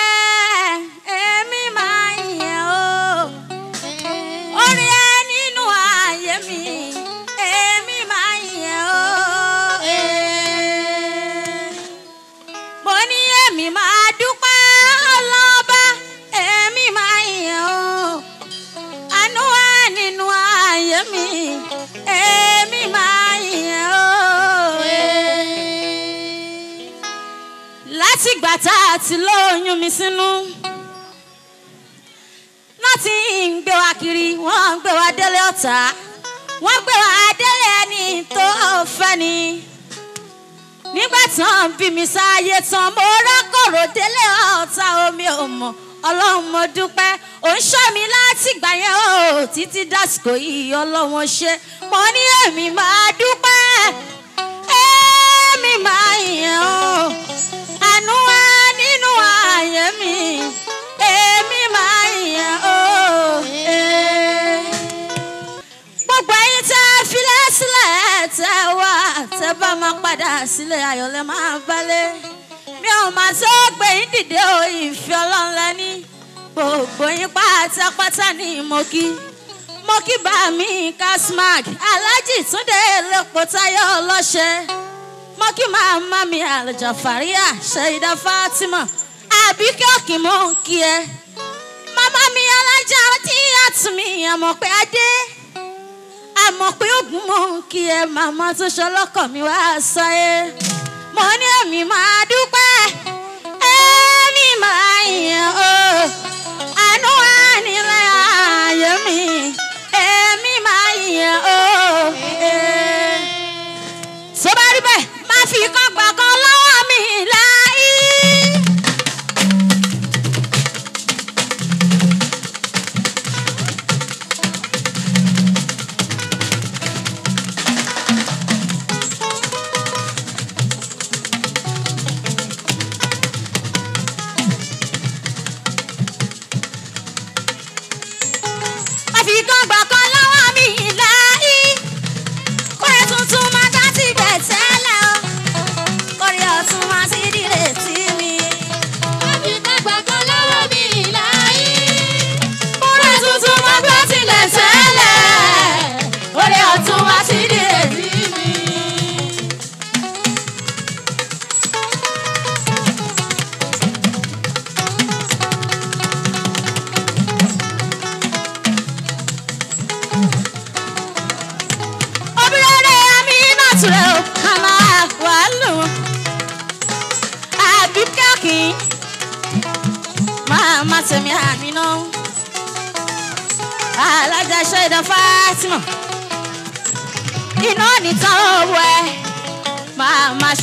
ìgbà tá a ti lọ oyún mi sínú láti ń gbé wa kiri wọ́n ń gbé wa délé ọ̀tá wọ́n gbé wa délé ẹni tó fẹ́ ni nígbà tán bí mi sáyé tán mo rákòrò délé ọ̀tá omi ò mọ̀ ọlọ́run mo dúpẹ́ ò ń ṣọ́ mi láti gbà yẹn o títí dásìkò yìí ọlọ́run ṣe mo ní èmi máa dúpẹ́ èmi máa yẹn o. tẹ́ bá máa padà sílé ayọ̀ lẹ́ máa bálé mi ò máa tó gbé yín dìde o ìfẹ́ ọlọ́run lẹ́ni gbogbo yín pátápátá ni mo kí mo kí bá mi kasmark aláàjì túndé lẹ́pọ̀ táyọ̀ ọlọ́ṣẹ́ mo kí màmá mi àlùjọ fàríà ṣèyídà fatima àbíkẹ́ òkì mò ń kí ẹ màmá mi alájà tí àtúnmí àmọ̀ adé mọ̀ pé ogun mọ̀ ń kí ẹ màmá tó ṣọlọ́kọ̀ mi wá sáyé mo ní èmi máa dúpẹ́ èmi máa yàn ó àánú wà nílẹ̀ ayé mi èmi máa yàn ó. God.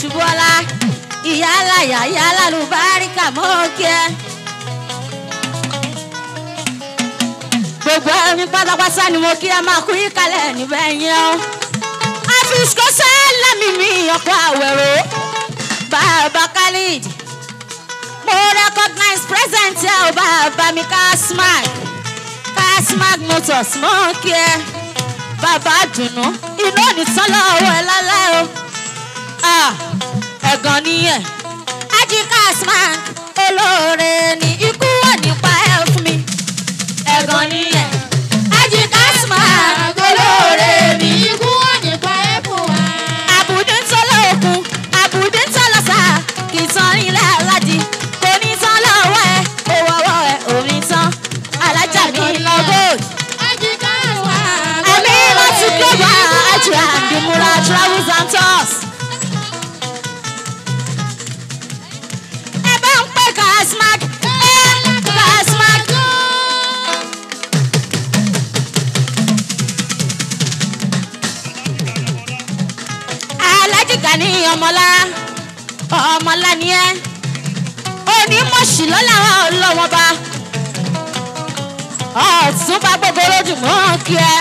Ṣubúọlá ìyá aláyà ìyá alálùbáríkà mọ́ òkè ẹ. gbogbo ẹni pátápátá ni mo kí ẹ máa kú ìkàlẹ̀ níbẹ̀ yẹn o. àfìsíkò sẹ́lá mi mi ọkọ̀ àwẹ̀rò bàbá khalid mo recognize present ẹ o bàbá mi kasmag kasmag motors mọ́ òkè ẹ bàbá dùnú iná nìtọ́lọ́wọ́ ẹ lálẹ́ o rẹ̀ gan níyẹn. Haji Kasman olóore ni ikú wà nípa ẹ̀ fún mi. Ẹ̀gàn níyẹn. ọmọ ńlá ni ẹ́ onímọ̀sí lọ́la ọlọ́wọ́n bá ọ̀tún bá gbogbo lójú mọ́ kí ẹ.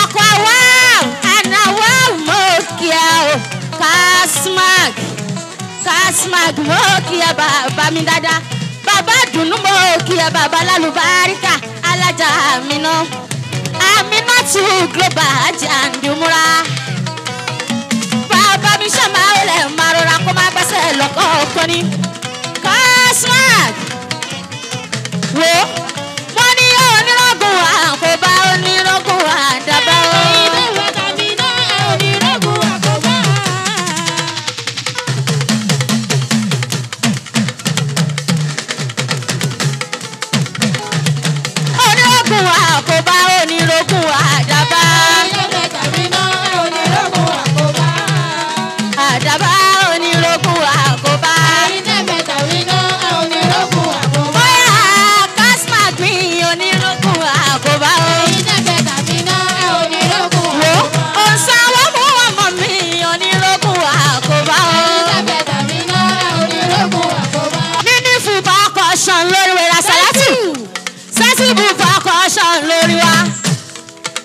ọkọ̀ àwa ànáwó mọ́ kí ẹ o kásmag kásmag mọ́ kí ẹ bàbá mi dáadáa bàbá dùnú mọ́ kí ẹ bàbá lálùbáríkà alájà àmínà àmínà tún global àjàǹdùmúra lẹ̀ máa rọra kó má gbẹ́sẹ̀ lọ́kọ́ ọkọ ni. cosmac wo wọ́n ní onírọ́gùn wa kò bá onírọ́gùn wa.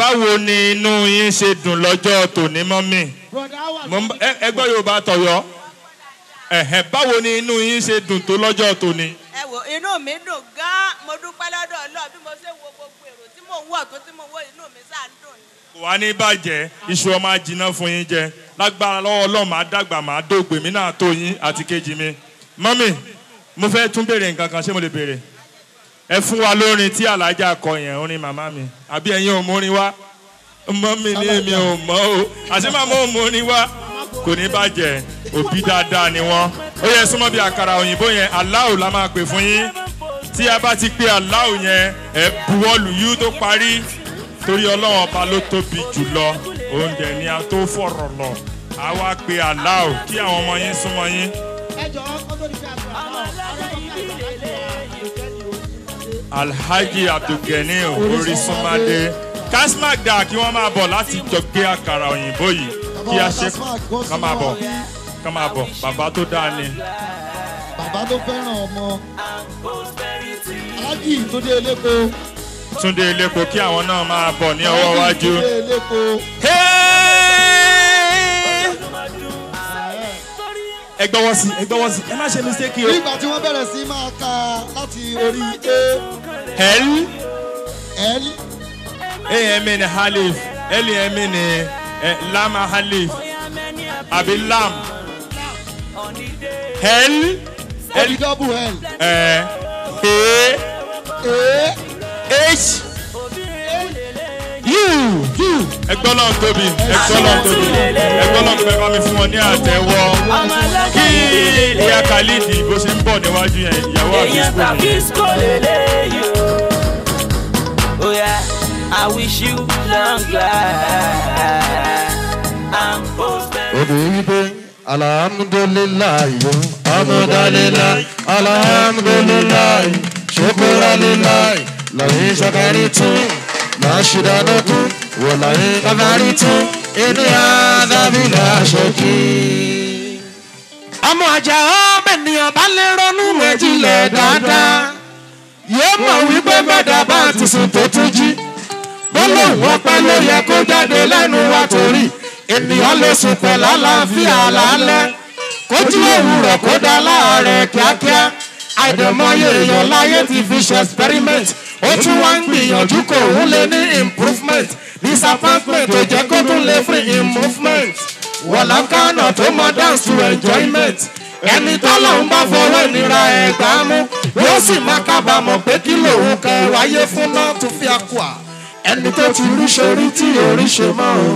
báwo ni inú yín ṣe dùn lọ́jọ́ tòní mọ́mì ẹ Yorùbá báwo ni inú yín ṣe dùn tó lọ́jọ́ tòní. ẹ wo inú mi dùn gan-an mo dúpẹ́ lọ́dọ̀ Ọlọ́run bí mo ṣe wo gbogbo èrò tí mò ń wọ̀ tó tí mo wo inú mi sáà ń dùn yìí. kò wá ní bàjẹ́ iṣu ọmọ ajiná fún yín jẹ lágbára lọ́wọ́ Ọlọ́run máa dàgbà máa dóògbé mi náà tó yín mo fẹ́ tún béèrè nǹkan kan ṣé ẹ fún wa lórin tí alájà kọ yẹn orin màmá mi àbí ẹ̀yin ò mórin wá mọ́ mi ní èmi ò mọ́ o àti màmá ò mórin wá kò ní bàjẹ́ òbí dáadáa ni wọ́n ó yẹ súnmọ́ bí àkàrà òyìnbó yẹn aláwo la máa pè fún yín tí a bá ti pé aláwo yẹn ẹ buwọ́lù yú tó parí torí ọlọ́run ọba ló tóbi jùlọ oúnjẹ ni a tó fọ̀rọ̀ lọ àwa pé aláwo kí àwọn ọmọ yín súnmọ́ yín. ẹ jọ̀ọ́ kó tó di pé àgbà alhaji abdulgani orísúnmádé kasmak dà kí wọ́n máa bọ̀ láti jọ gbé àkàrà òyìnbó yìí kí a ṣe kọ́ máa bọ̀ kọ́ máa bọ̀ bàbá tó dáa ni. bàbá tó fẹ́ràn ọmọ alhaji túndé eléko. túndé eléko kí àwọn náà máa bọ̀ ní ọwọ́ wájú. túndé eléko. Hey! ẹ gbọ́wọ́ sí ẹ gbọ́wọ́ sí ẹ má ṣe mistake o. nígbà tí wọ́n bẹ̀rẹ̀ sí máa ka láti orí a. l. l. amn halif lamn e eh, lam halif àbí lam. l. l. double l. ẹ. Eh, a. a. h ẹgbẹ́ tóbi ẹgbẹ́ tóbi ẹgbẹ́ tóbi bá mi fún wọn ní àtẹ́wọ́ kí ìyá khalidi bó ṣe ń bọ̀ níwájú yẹn ìyàwó àfisco ni. Oh yeah, I wish you long life. Obìnrin wípé alhamdulilayi amudalilayi alhamdulilayi ṣokoralilayi lọ́yìn ṣọkari tún. لا شدانك ولا غباريت إن هذا بلا شك ọmọ àjà ọmọ ènìyàn bá lè ronú méjìlẹ̀ dáadáa yóò mọ̀ wípé mẹ́ta bá ti sùn tó tún jí gbólóhùn ọpẹ́ ló yẹ kó jáde lẹ́nu wa torí ènìyàn lè sùn pẹ̀lú àlàáfíà lálẹ́ kójú òwúrọ̀ kó dá láàárẹ̀ kíákíá àìdẹ̀mọye èèyàn láyé ti fi ṣe experiment ó tún wá ń gbìyànjú kò ń lé ní improvement disappointment ò jẹ́ kó tún lè free in movement wọ̀lákànà tó mọ dance to enjoyment ẹni tọ́lọ̀ ń bá fọwọ́ ìnira ẹ̀gbá mú yóò sì má kábàámọ̀ pé kí lòun kan wáyé fún náà tún fi àkùà ẹni tó ti ríṣe rí tí oríṣe mọ́ o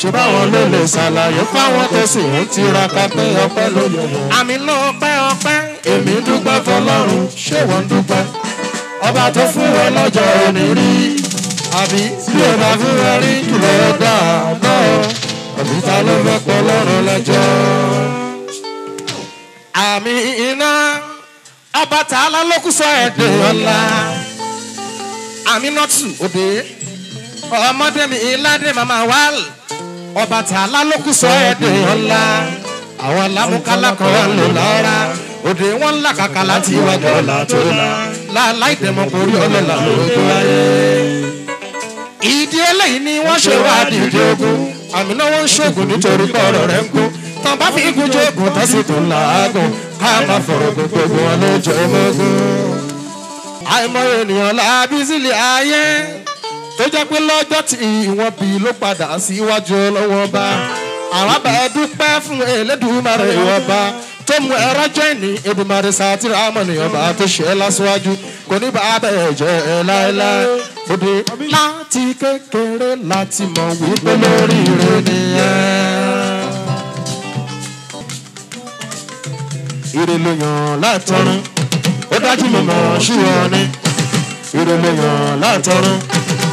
ṣe báwọn ló lè ṣàlàyé fáwọn tẹ̀sí ń tiraka pé ọpẹ́ ló yẹ. àmì náà ọpẹ́ ọpẹ́ èmi dúpẹ́ fọlọ́run ṣé wọ́n dúpẹ́ ọba tó fún ẹ lọ́jọ́ òní rí àbí tí o bá fún ẹ rí jùlọ dáadáa àbí ta ló fẹ́ pọ̀ lọ́rùn lẹ́jọ́. àmì iná ọba tààlà ló kú sọ ẹ̀dẹ̀ ọ̀la àmì nọ́tù òde ọmọdé mi ìlàdé màmá wàl ọba tààlà ló kú sọ ẹ̀dẹ̀ ọ̀la àwọn alámúkálá kan wà ló lára òde wọn làkàkà láti wájú ọ̀la tó la láláì tẹ̀mọ́ kò rí ọlọ́la lójú ayé. ìdí eléyìí ni wọ́n ṣe wá dìde ogun àmì náà wọ́n ń ṣoògùn nítorí kọ́ọ̀rọ̀ rẹ̀ ń kú tán bá fi igun jó ogun tán sì tún làágùn ká má fọ̀rọ̀ gbogbo wọn lójú ọmọgún. àìmọ ènìyàn làábí sílẹ̀ ayé tó jẹ́ pé lọ́jọ́ tí ìwọ̀n bì ló padà síwájú lọ́wọ́ bá àwọn abàá dúpẹ́ fún Elédùmarè ọba tó mú ẹrọ jẹ́ ní Èdùmarè sátìrì àmọ̀nì ọba tó ṣe é lásìwájú kò ní bá abẹ́ jẹ́ ẹ láéláé òde láti kékeré láti mọ̀ wípé lórí ire nìyẹn. ire ló yàn látọ̀run ó dájú mọ̀mọ́ ṣúwọ́ ni ire ló yàn látọ̀run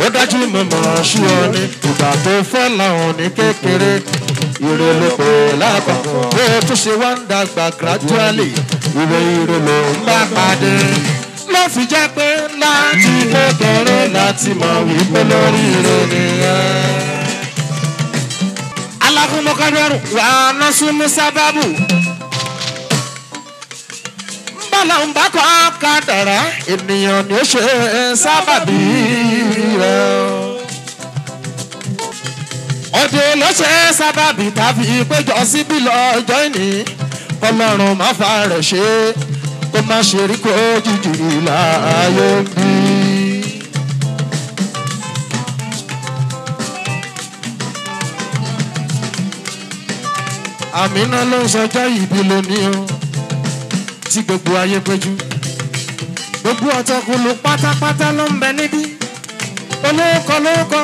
ó dájú mọ̀mọ́ ṣúwọ́ ni ìgbà tó fẹ́ làwọn ní kékeré ire ló pè lápapọ̀. bó o tún ṣe wá ń dàgbà gradually ire ire ló ń bá pàdé. ló fi jẹ́ pé láti kékeré láti mọ̀ wípé lórí ire nìyẹn. alákùnmọ́kádọ́rù wà á ná súnmú sábàbù. bọ́lá ń bá kọ́ kádàrá ènìyàn ni ó ṣe sábàbí rẹ̀ ọdẹ ló ṣe sábàbí tàbí péjọ síbí lọ́jọ́ ìní ọlọ́run má fa rẹ̀ ṣe kó má ṣe rí kó jìjì láàyè bí. àmínà ló ń sọjọ́ ìbí lónìí o tí gbogbo ayé péjú gbogbo ọ̀tọ̀kùlù pátápátá ló ń bẹ níbí olóòkọ lóòkọ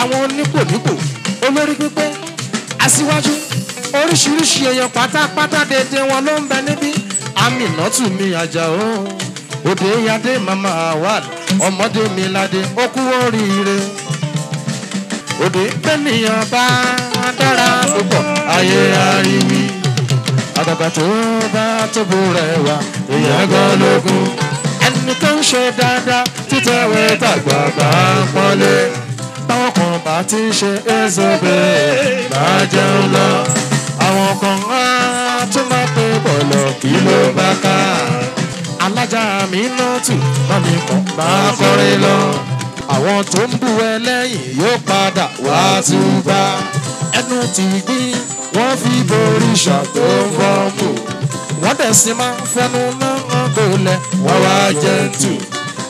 àwọn onípò nípò olórí pípé aṣíwájú oríṣiríṣi èèyàn pátápátá dédé wọn ló ń bẹ níbí Aminatu mi Àjàó òde yadé mama awad ọmọdé mi ládé ó kú oríire òde bẹ́nìyàn bá dára púpọ̀ ayé àríwí àgbàgbà tó bá tóbu rẹ̀ wá èèyàn gan lógún ẹnì kan ṣe dáadáa títẹ̀wé tàgbà bá àti ṣe ẹsẹ̀bẹ̀ bá jẹun lọ. àwọn kan á tún máa pé bọ̀lọ̀ kí ló bá ká. alájà mi ná tù bá mi kàn bá kọrin lọ. àwọn tó ń bú ẹ yóò padà wá túbà. ẹnu ti gbín wọ́n fi borí ṣàtó fọ́ọ̀mù. wọ́n dẹ̀ sì máa fẹnu náà kó lẹ̀ wọ́n wá jẹ́ tù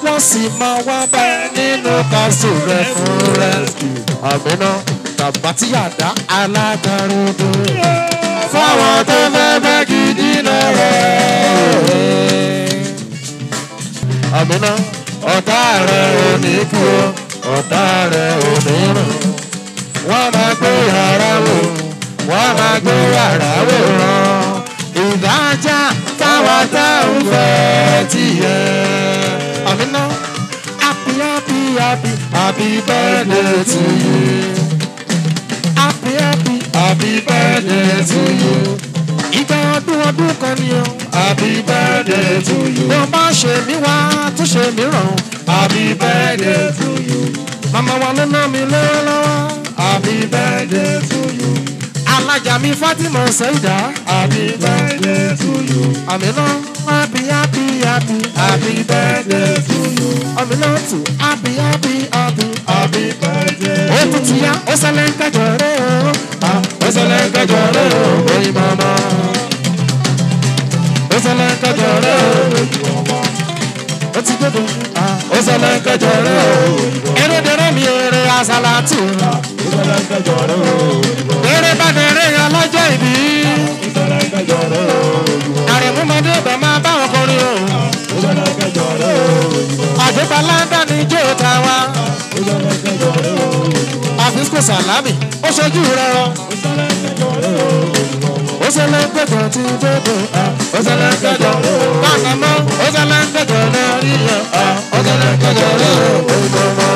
wọ́n sì máa wá bá ẹ nínú kásù rẹ fún rẹ́sìkì. àmínà tàbátí àdá alágbárodo fáwọn tó fẹ́ bá gidi lọ́rẹ́. àmínà ọ̀tá rẹ̀ ò ní kú ọ̀tá rẹ̀ ò ní rùn. wọ́n máa gbé yàrá wò wọ́n máa gbé yàrá wò rán ìdájà táwa táwọn fẹ́ tiẹ̀ happy, happy, happy birthday to you. Happy, happy, happy birthday to you. Ìgbà ọdún ọdún kan ni o. Happy birthday to you. Bí o bá ṣe mí wá, tún ṣe mí ràn. Happy birthday to you. Màmá wa ló ná mi lọ́wọ́. Happy birthday to you. Alájà mi Fátímọ̀ Sẹ́yìdá. Happy birthday to you. Àmì náà, happy happy happy, happy birthday to you. Ọmọ náà tù happy happy happy happy birthday. Ó tún ti yá, ó sẹ́lẹ̀ ń kẹjọ rẹ̀ o. Ó sẹ́lẹ̀ o, oyin mama. Ó sẹ́lẹ̀ ń kẹjọ rẹ̀ o, oyin mama gbogbo ọsọlẹ kẹjọ rẹ o asalatu ọsọlẹ kẹjọ rẹ o eré bàdẹrẹ ọlọjọ ìbí ọsọlẹ kẹjọ rẹ o àrèmúmọdé bẹ máa bá ọkùnrin o ọsọlẹ kẹjọ rẹ o àdébálá dání jó tàwa ọsọlẹ kẹjọ rẹ o Ozalangadon ti dodo ah Ozalangadon oh, Kanama Ozalangadon na ilo ah Ozalangadon na oh, odomo.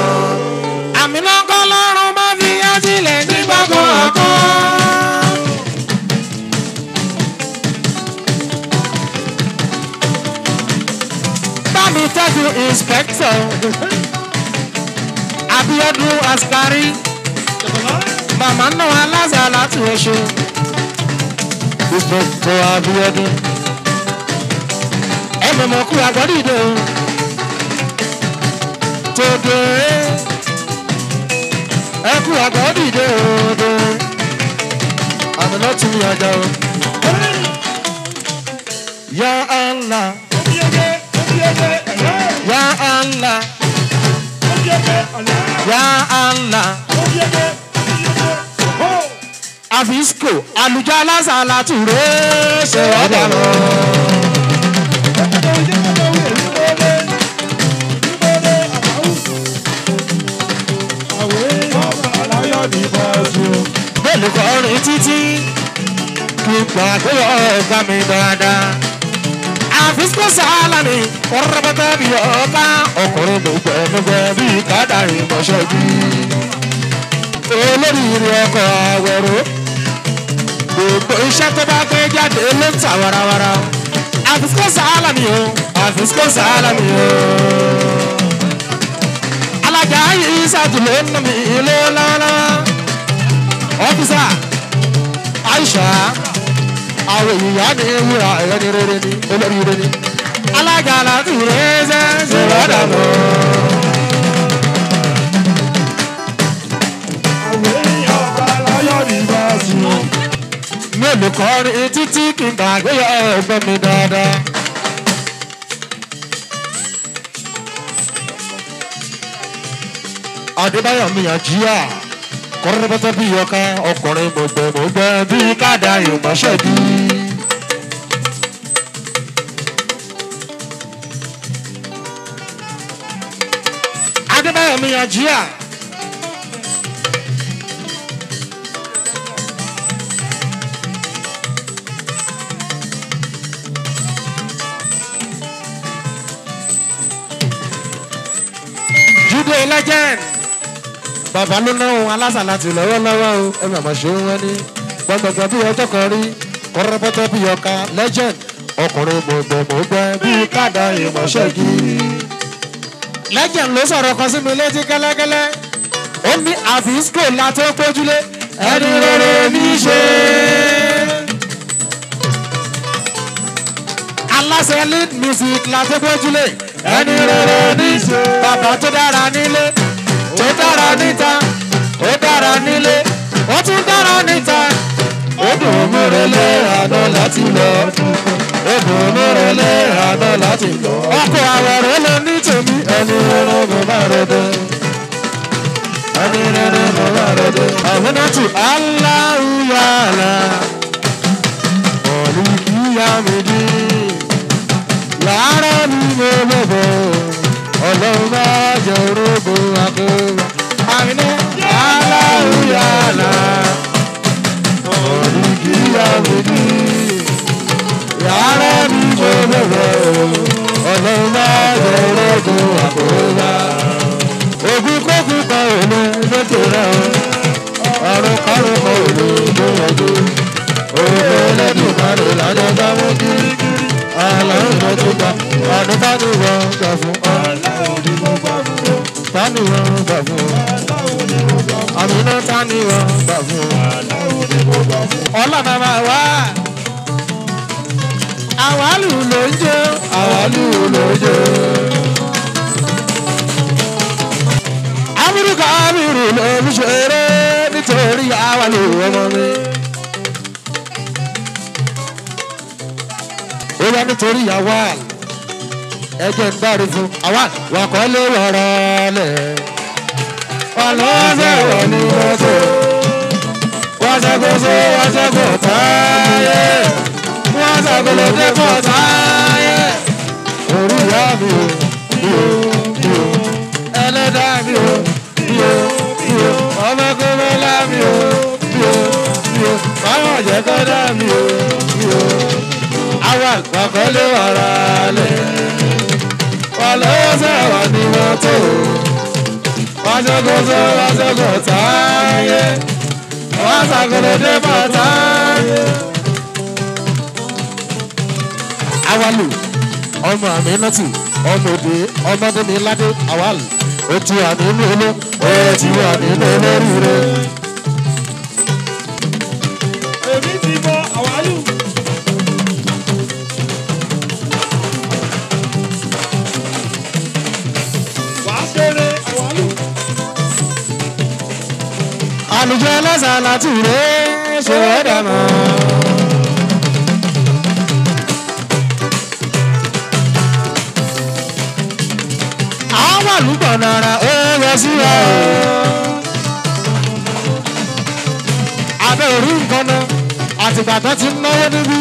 Àmì lọ́kọ́ lọ́rùn máa fi àtìlẹ̀ ní gbogbo ọkọ. Bámi tẹ́tù inspector Abiodun Askari Màmá náà alázàlá tí ó Ìsòfò Abíọ́dún. Ẹ mọ̀mọ́ kú àgbọ̀dì dé o. Tòdè ẹ kú àgbọ̀dì dé o dé. Àmì náà tún yà já o. Yá ànlá. Yá ànlá. Yá ànlá àfíìsìkò àlùjá lásàlá tùré ṣe ọ̀dà lọ. bẹ́ẹ̀ni kò rìn títí kí pàgbéyọ̀ ọ̀gá mi dáadáa. àfíìsìkò sàálà mi rẹpẹtẹ bí ọba ọkùnrin gbẹgbẹgbẹ bíi kádàrí mọ́ṣẹ́ bí olórí ìrìn ọkọ̀ àwẹ̀rọ̀ gbogbo iṣẹ́ tó bá gbé jáde ló ń tà warawara o àfisikó sàálà mi o àfisikó sàálà mi o. alájà yìí ṣàtúlẹ̀ nà mí lọ́wọ́lọ́wọ́ ọ́fíìsà Aisha àwọn èèyàn ní wúra ẹ̀rọ ní rere ní olórí rere ní. alága aláàtú rẹ̀ ṣe ń ṣe lọ́dà mọ́. àwọn èèyàn bá láyọ̀ ní mi ò lè kọrin títí kí n gbàgbé ọgbọ́n mi dáadáa. adébáyọ̀ mi yàn jíà kọ́rọ́dọ́bọ́tọ́ bí ọ̀ka ọkùnrin mọ̀gbẹ́mọ̀gbẹ́ bí káàdà ìmọ̀ṣẹ́ bí. adébáyọ̀ mi yàn jíà. legend. bàbá ló náwó alásà láti lọ́wọ́lọ́wọ́ o ẹ màmá ṣe ń wọ́n ní gbọ́ngbọ̀ngbọ̀n bí ọjọ́ kan rí kọ́rọ́pọ́tọ́ bí ọkà legend ọkùnrin gbọ̀ngbọ̀ngbọ̀ngbọ̀ bí kádà ìmọ̀ṣẹ́ gírí. legend ló sọ̀rọ̀ kan sí mi létí kẹ́lẹ́kẹ́lẹ́ ó ní àfíìsíkò láti ó pójúlé ẹni rere ní í ṣe. aláṣẹ lead music láti pójúlé ẹni rere níṣe bàbá tó dára nílé tó dára níta ó dára nílé ó tún dára níta ó dùn mérelé àná láti lọ ó dùn mérelé àná láti lọ. ọkọ̀ àwẹ̀rẹ̀ lè ní tèmi ẹni rere mo bá rẹ dé ẹni rere mo bá rẹ dé. àwọn náà tù aláwùyàlà ọ̀lùkìyàmídìí yàrá mi ló lọ́bọ̀ ọlọ́run bá jẹ orógbó akóbá. àmìnà aláwùyàlá ọ̀rùn kìíyàwó ní yàrá mi ló lọ́bọ̀ ọlọ́run bá jẹ orógbó akóbá. ògùn kókùn kan ò lè lókè rẹ̀ ọ̀rùn kọ́rùn kan ò lè gbóyàgbó. ògùn ẹlẹ́dùn kan ló lájọ bá wọ́n kiri aláwọ̀ tó gbà ọdún tánú wọn gbà fún ọ. aláwọ̀ ni mo gbà fún ọ. tánú wọn gbà fún ọ. àmínà tánú wọn gbà fún ọ. aláwọ̀ ni mo wa àwálù ló ń jó. àwálù ló ń jó. amúrúkọ amúrú ló ń ṣeré nítorí àwálù ọmọ mi. bóyá nítorí ìyàwó àì ẹjẹ ń bárí fún àwa wàkọ́ lé wọ̀rọ̀ lẹ̀. ọlọ́sẹ̀ wọ̀ ní lọ́sẹ̀ wọ́n ṣàkóso wọ́n ṣàkó táyé wọ́n ṣàkóló dẹ́kọ̀ táyé. orí ìyá mi ò mi ò mi ò ẹlẹ́dàá mi ò mi ò mi ò ọmọ mi ò mi ò mi ò báwọn jẹ́ kọ́dá mi ò mi ò àwọn àgbàkọ́lé ọ̀rọ̀ alẹ́ wà lọ́wọ́ sẹ́wọ̀n ní mọ́tò wájọ́gọ́sọ wájọ́gọ́ táyé wọ́n ṣàkóso débà táyé. awalu ọmọ àmì nọtì ọmọ òde ọmọdé mi ládé awalu ojú àmì inú ilé ojú àmì inú ilé rírẹ. àlùjọ ẹlẹ́sà láti rè é ṣe é dẹ̀ àwọn àlùbọ̀ nara ó yẹ sí wa. abẹ́ òru nǹkan náà àtìgbà tó ti ń náwó níbí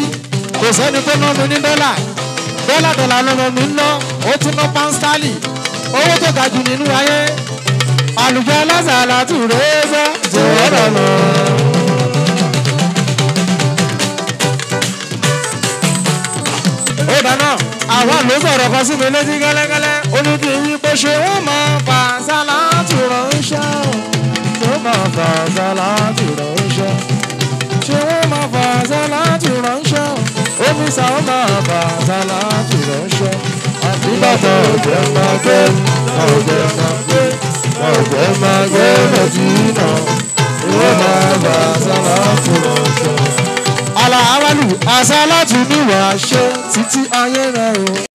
kò sẹ́ni tó ná mi ní dọ́là dọ́là dọ́là lọ́mọ mi ń ná ó tún ná pánstálì owó tó ga jù nínú ayé àlùjọ ẹlẹ́sà láti rè é sẹ́. Oh Suéltalo. ó dáná àwa ló sọ̀rọ̀ kan sí mi létí gẹ́lẹ́gẹ́lẹ́ ó ní kí n bó ṣe wọ́n máa fà sálátù ránṣẹ́ tó máa fà sálátù ránṣẹ́ ṣé wọ́n máa fà sálátù ránṣẹ́ ó ní sàó máa fà sálátù ránṣẹ́ àti bàtà òjò máa gbé òjò máa gbé òjò máa gbé mẹ́tì náà. Àlàáwálù àṣà láti níwà ṣe títí ayé rẹ̀ o.